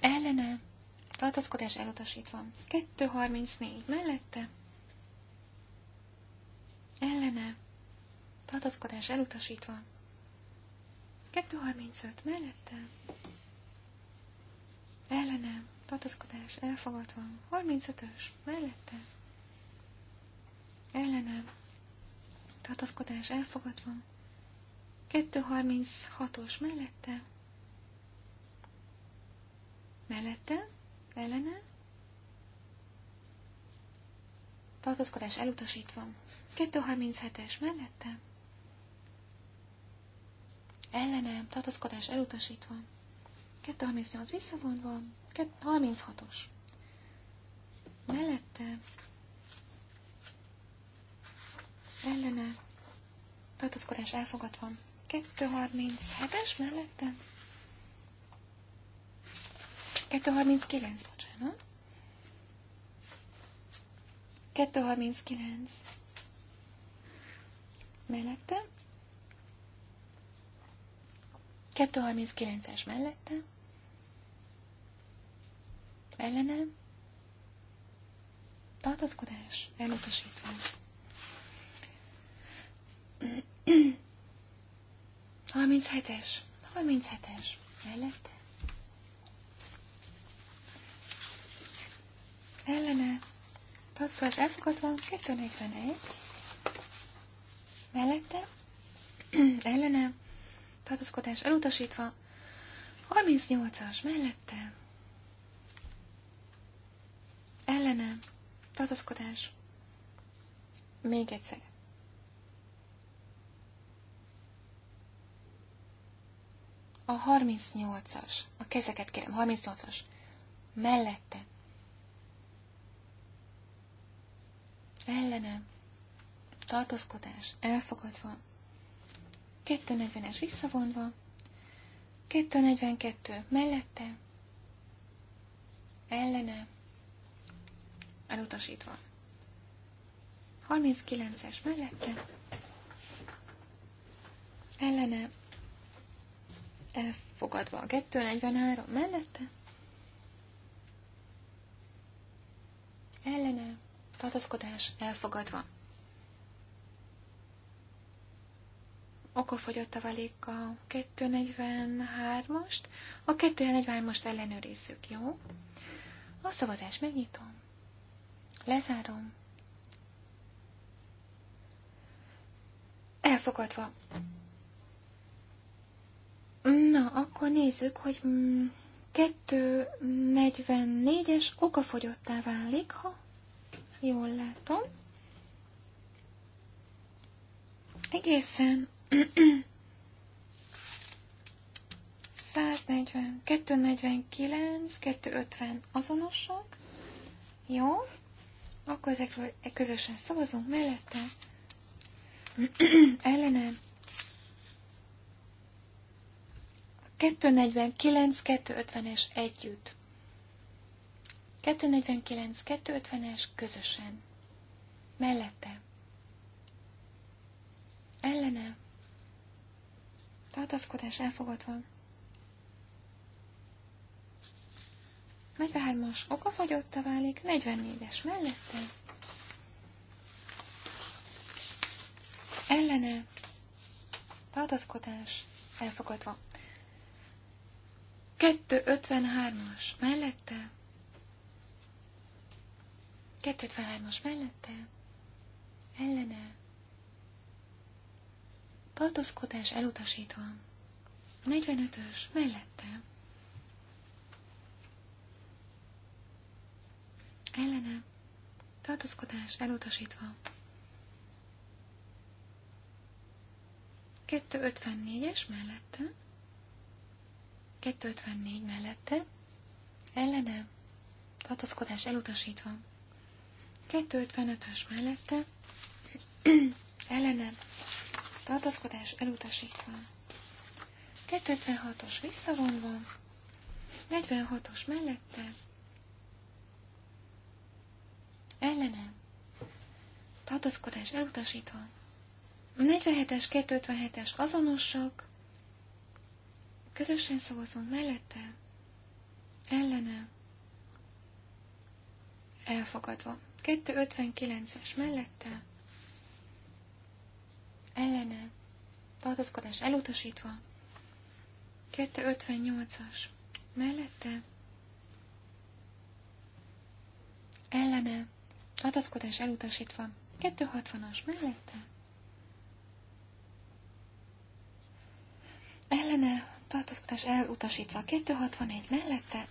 ellene, tartózkodás elutasítva. 234 mellette, ellene, tartózkodás elutasítva. 235 mellette, ellene, tartózkodás elfogadva. 35-ös mellette, ellene, tartózkodás elfogadva. 236-os mellette, mellette, ellene, tartozkodás elutasítva, 237-es mellette, ellene, tartozkodás elutasítva, 238 visszavonva, 36-os mellette, ellene, tartozkodás elfogadva, 237-es mellette, 239, bocsánat. 239. Mellette. 239-es mellette. Ellenem. Tartozkodás. Elutasítva. 37 hetes. 37 hetes. Mellette. ellene, passzás elfogadva, 241, mellette, (clears throat) ellene, tartózkodás elutasítva, 38-as mellette, ellene, tartózkodás, még egyszer. A 38-as, a kezeket kérem, 38-as, mellette, ellene, tartózkodás elfogadva, 240-es visszavonva, 242 mellette, ellene, elutasítva. 39-es mellette, ellene, elfogadva. 243 mellette, ellene, tartózkodás elfogadva. Okofogyott a valék a 243-ast. A 243-ast ellenőrizzük, jó? A szavazást megnyitom. Lezárom. Elfogadva. Na, akkor nézzük, hogy 244-es mm, okafogyottá válik, ha Jól látom. Egészen 140, 249, 250 azonosak. Jó. Akkor ezekről közösen szavazunk mellette. Ellenem. 249, 250-es együtt. 249, 250-es közösen. Mellette. Ellene. Tartaszkodás elfogadva. 43-as okafagyotta válik, 44-es mellette. Ellene. Tartaszkodás elfogadva. 253-as mellette 253-as mellette, ellene, tartózkodás elutasítva, 45-ös mellette, ellene, tartózkodás elutasítva, 254-es mellette, 254 mellette, ellene, tartózkodás elutasítva, 255-ös mellette ellenem tartózkodás elutasítva. 256-os visszavonva, 46-os mellette ellenem tartózkodás elutasítva. 47-es, 257-es azonosak, közösen szavazom mellette, ellene, elfogadva. 259-es mellette ellene tartozkodás elutasítva. 258-as mellette ellene tartozkodás elutasítva. 260-as mellette ellene tartozkodás elutasítva. 261 mellette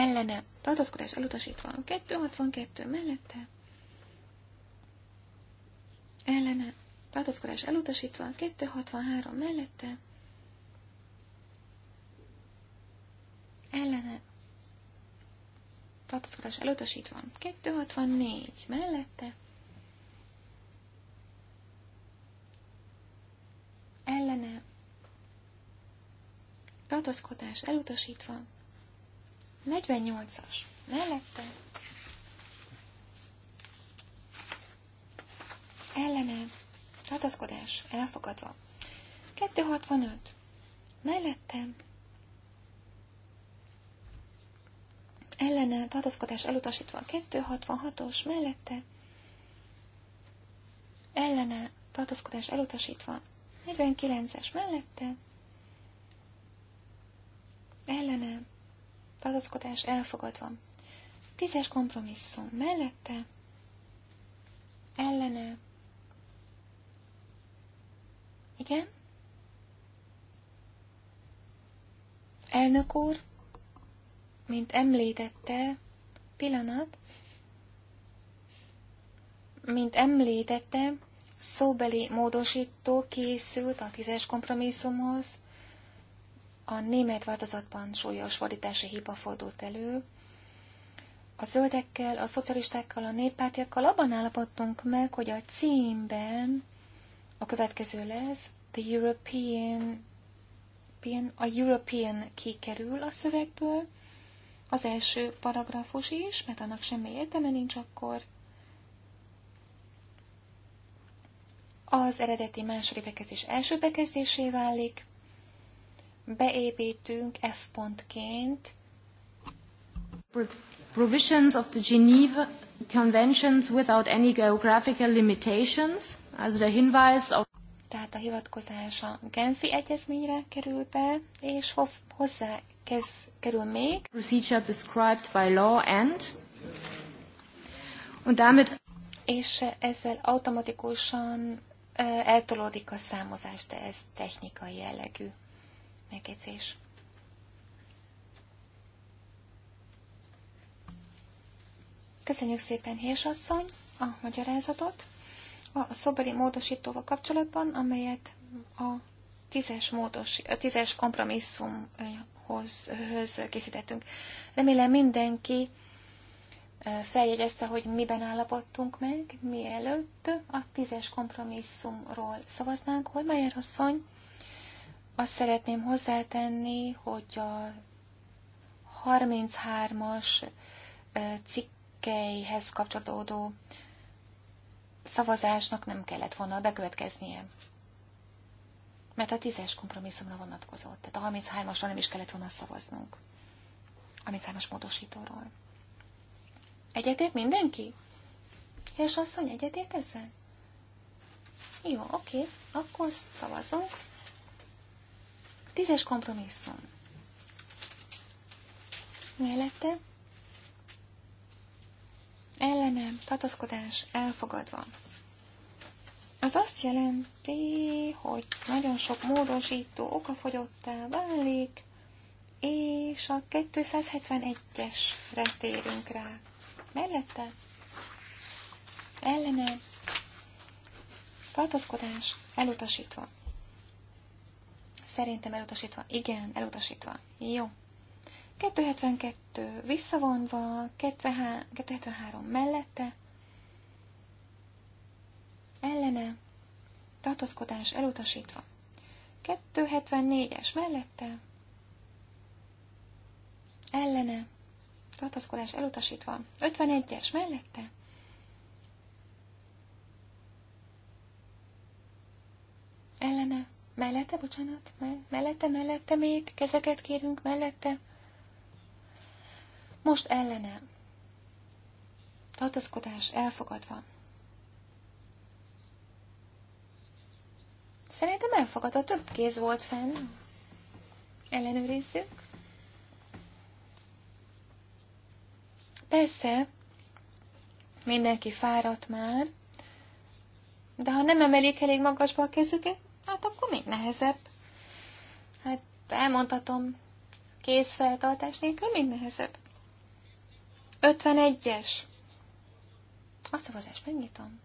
ellene tartózkodás elutasítva. 262 mellette ellene tartózkodás elutasítva. 263 mellette ellene tartózkodás elutasítva. 264 mellette ellene tartózkodás elutasítva. 48-as. Mellette. Ellene. Tartaszkodás. Elfogadva. 265. Mellettem. Ellene. Tartaszkodás elutasítva. 266-os. Mellette. Ellene. Tartaszkodás elutasítva. 49-es. Mellette. Ellene tartozkodás elfogadva. Tízes kompromisszum mellette, ellene, igen, elnök úr, mint említette, pillanat, mint említettem, szóbeli módosító készült a tízes kompromisszumhoz, a német változatban súlyos fordítási hiba fordult elő. A zöldekkel, a szocialistákkal, a néppártiakkal abban állapodtunk meg, hogy a címben a következő lesz, The European, European a European kikerül a szövegből, az első paragrafus is, mert annak semmi értelme nincs akkor. Az eredeti második bekezdés első bekezdésé válik, beépítünk F pontként provisions of the Geneva Conventions without any geographical limitations, also a Hinweis of... tehát a hivatkozás a Genfi egyezményre kerül be, és hozzá kez, kerül még. Procedure prescribed by law and und damit és ezzel automatikusan eh, eltolódik a számozás, de ez technikai jellegű megjegyzés. Köszönjük szépen, Hérsasszony, a magyarázatot. A szobeli módosítóval kapcsolatban, amelyet a tízes, módos, a tízes kompromisszumhoz készítettünk. Remélem mindenki feljegyezte, hogy miben állapodtunk meg, mielőtt a tízes kompromisszumról szavaznánk. Holmeyer asszony azt szeretném hozzátenni, hogy a 33-as cikkeihez kapcsolódó szavazásnak nem kellett volna bekövetkeznie. Mert a tízes kompromisszumra vonatkozott, tehát a 33 asra nem is kellett volna szavaznunk. A 33-as módosítóról. Egyetért mindenki? És asszony, egyetért ezzel? Jó, oké, akkor szavazunk. Tízes kompromisszum. Mellette ellenem tartózkodás elfogadva. Az azt jelenti, hogy nagyon sok módosító okafogyottá válik, és a 271-esre térünk rá. Mellette ellene tartozkodás, elutasítva. Szerintem elutasítva. Igen, elutasítva. Jó. 272 visszavonva, 273 mellette, ellene, tartózkodás elutasítva. 274-es mellette, ellene, tartózkodás elutasítva. 51-es mellette, ellene, Mellette, bocsánat, mellette, mellette még, kezeket kérünk, mellette. Most ellene. Tartozkodás elfogadva. Szerintem elfogadva, több kéz volt fenn. Ellenőrizzük. Persze, mindenki fáradt már, de ha nem emelik elég magasba a kezüket, hát akkor még nehezebb. Hát elmondhatom, kézfeltartás nélkül még nehezebb. 51-es. A szavazást megnyitom.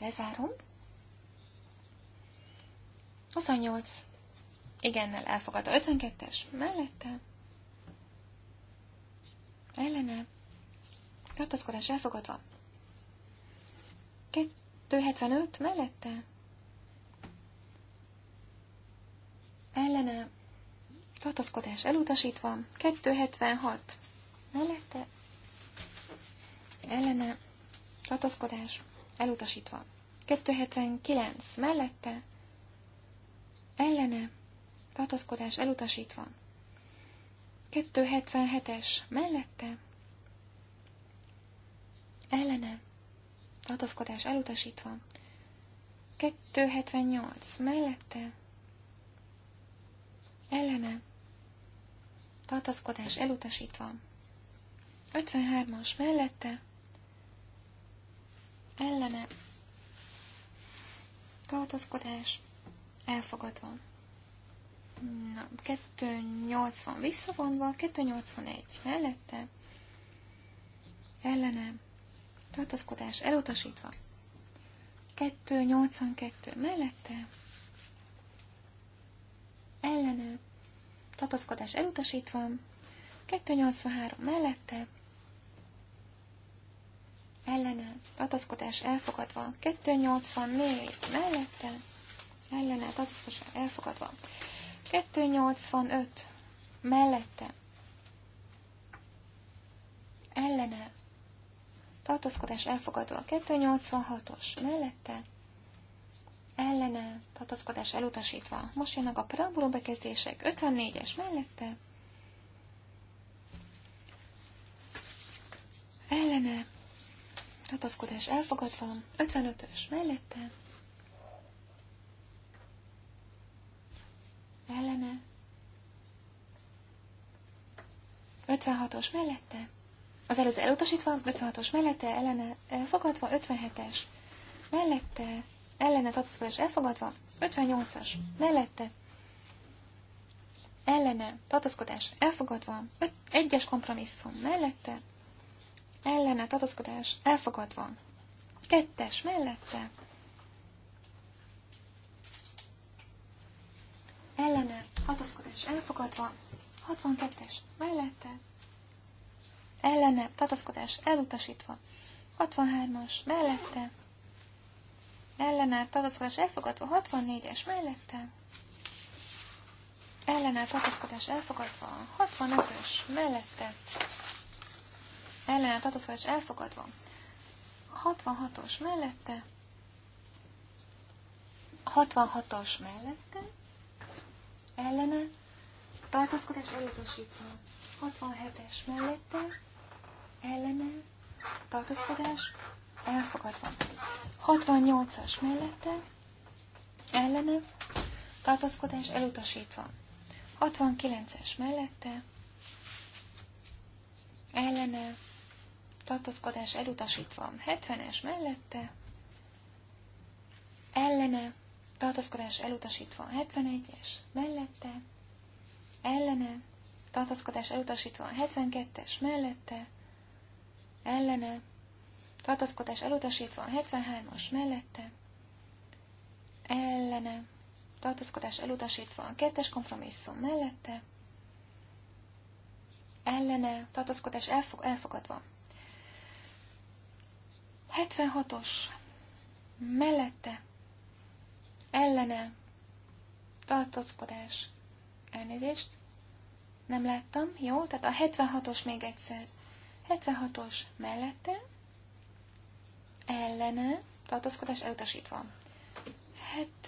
Lezárom. 28. Igennel elfogadta. 52-es. Mellette. Ellene. Tartozkodás elfogadva. 275 mellette. Ellene tartózkodás elutasítva. 276 mellette. Ellene tartózkodás elutasítva. 279 mellette. Ellene tartózkodás elutasítva. 277-es mellette. Ellene tartózkodás elutasítva. 278 mellette, ellene, tartózkodás elutasítva. 53-as mellette, ellene, tartózkodás elfogadva. Na, 280 visszavonva, 281 mellette, ellenem. Tartozkodás elutasítva. 282 mellette, ellene, Tartozkodás elutasítva, 283 mellette, ellene, Tartozkodás elfogadva, 284 mellette, ellene, Tartozkodás elfogadva, 285 mellette, ellene, tartózkodás elfogadva. 286-os mellette ellene tartózkodás elutasítva. Most jönnek a preambuló bekezdések 54-es mellette ellene tartózkodás elfogadva. 55-ös mellette ellene 56-os mellette az előző elutasítva, 56-os mellette, ellene elfogadva, 57-es mellette, ellene tartózkodás elfogadva, 58-as mellette, ellene tartózkodás elfogadva, 1-es kompromisszum mellette, ellene tartózkodás elfogadva, 2-es mellette, ellene tartózkodás elfogadva, 62-es mellette, ellene, tartaszkodás elutasítva. 63-as mellette, ellenállt tartaszkodás elfogadva, 64-es mellette, ellenállt tartaszkodás elfogadva, 65-ös mellette, ellenállt tartaszkodás elfogadva, 66-os mellette, 66-os mellette, ellene, tartaszkodás elutasítva, 67-es mellette, ellene tartózkodás elfogadva. 68-as mellette ellene tartózkodás elutasítva. 69-es mellette ellene tartózkodás elutasítva. 70-es mellette ellene tartózkodás elutasítva. 71-es mellette ellene tartózkodás elutasítva. 72-es mellette ellene, tartaszkodás elutasítva, 73-as mellette, ellene, tartaszkodás elutasítva, a kettes kompromisszum mellette, ellene, tartaszkodás elfog, elfogadva. 76-os mellette, ellene, tartozkodás, elnézést, nem láttam, jó, tehát a 76-os még egyszer 76-os mellette, ellene, tartózkodás elutasítva.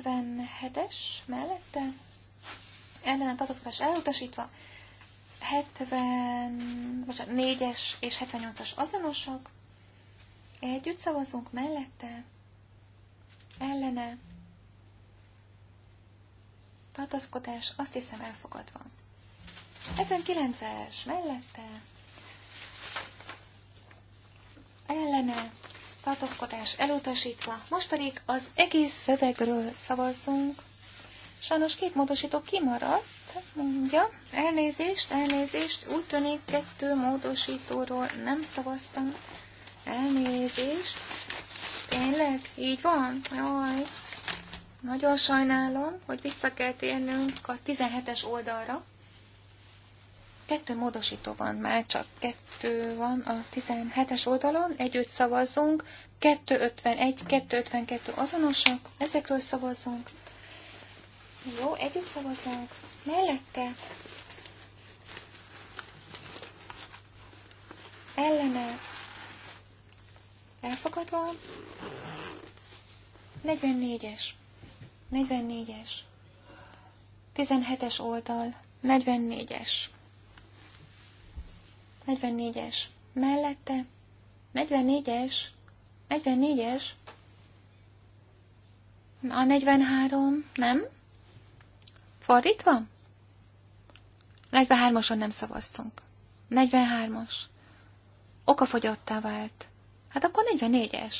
77-es mellette, ellene, tartózkodás elutasítva. 70, bocsánat, 4-es és 78-as azonosok. Együtt szavazunk mellette, ellene, tartózkodás, azt hiszem elfogadva. 79-es mellette, ellene, tartózkodás elutasítva. Most pedig az egész szövegről szavazzunk. Sajnos két módosító kimaradt, mondja. Elnézést, elnézést, úgy tűnik kettő módosítóról nem szavaztam. Elnézést. Tényleg? Így van? Jaj. Nagyon sajnálom, hogy vissza kell térnünk a 17-es oldalra. Kettő módosító van, már csak kettő van a 17-es oldalon, együtt szavazzunk, 251, 252 azonosak, ezekről szavazzunk. Jó, együtt szavazzunk, mellette, ellene, elfogadva, 44-es, 44-es, 17-es oldal, 44-es. 44-es. Mellette. 44-es. 44-es. A 43, nem? Fordítva? 43-oson nem szavaztunk. 43-os. Okafogyottá vált. Hát akkor 44-es.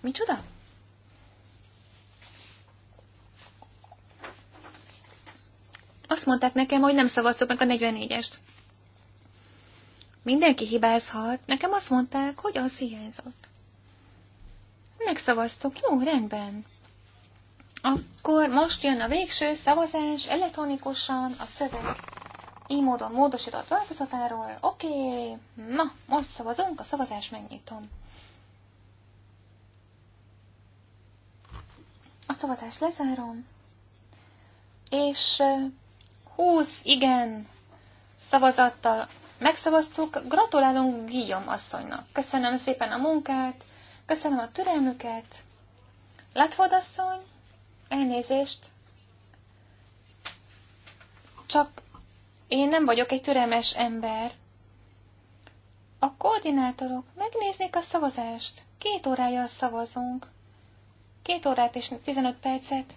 Micsoda? Azt mondták nekem, hogy nem szavaztok meg a 44-est. Mindenki hibázhat. Nekem azt mondták, hogy az hiányzott. Megszavaztok. Jó, rendben. Akkor most jön a végső szavazás elektronikusan a szöveg így módon módosított változatáról. Oké, okay. na, most szavazunk, a szavazás megnyitom. A szavazást lezárom, és 20 igen szavazattal megszavaztuk. Gratulálunk Guillaume asszonynak. Köszönöm szépen a munkát, köszönöm a türelmüket. Latford asszony, elnézést. Csak én nem vagyok egy türelmes ember. A koordinátorok megnéznék a szavazást. Két órája szavazunk. Két órát és 15 percet.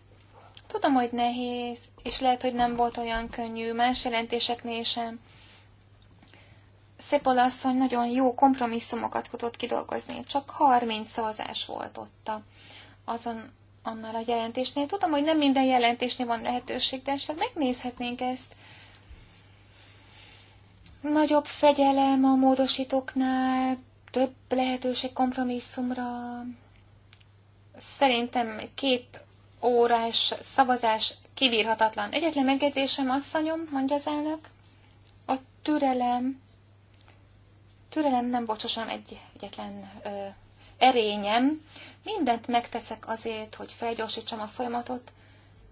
Tudom, hogy nehéz, és lehet, hogy nem volt olyan könnyű más jelentéseknél sem. Szépol asszony nagyon jó kompromisszumokat tudott kidolgozni, csak 30 szavazás volt ott azon, annál a jelentésnél. Tudom, hogy nem minden jelentésnél van lehetőség, de esetleg megnézhetnénk ezt. Nagyobb fegyelem a módosítóknál, több lehetőség kompromisszumra. Szerintem két órás szavazás kibírhatatlan. Egyetlen megjegyzésem, asszonyom, mondja az elnök, a türelem, türelem nem bocsosan egy, egyetlen ö, erényem. Mindent megteszek azért, hogy felgyorsítsam a folyamatot,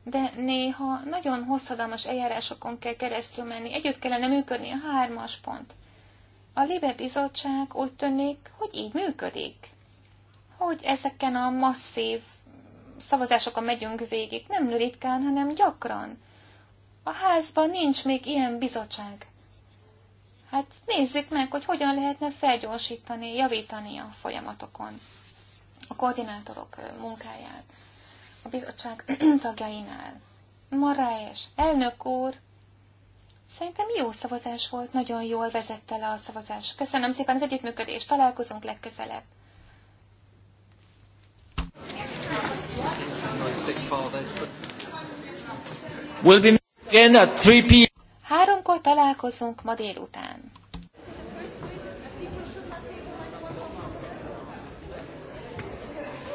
de néha nagyon hosszadalmas eljárásokon kell keresztül menni. Együtt kellene működni a hármas pont. A Libe Bizottság úgy tűnik, hogy így működik. Hogy ezeken a masszív szavazásokon megyünk végig, nem ritkán, hanem gyakran. A házban nincs még ilyen bizottság. Hát nézzük meg, hogy hogyan lehetne felgyorsítani, javítani a folyamatokon, a koordinátorok munkáját, a bizottság (clears throat) tagjainál. Maráes, elnök úr, Szerintem jó szavazás volt, nagyon jól vezette le a szavazás. Köszönöm szépen az együttműködést, találkozunk legközelebb. fathers, We'll be again at 3 p.m. Háromkor találkozunk ma délután.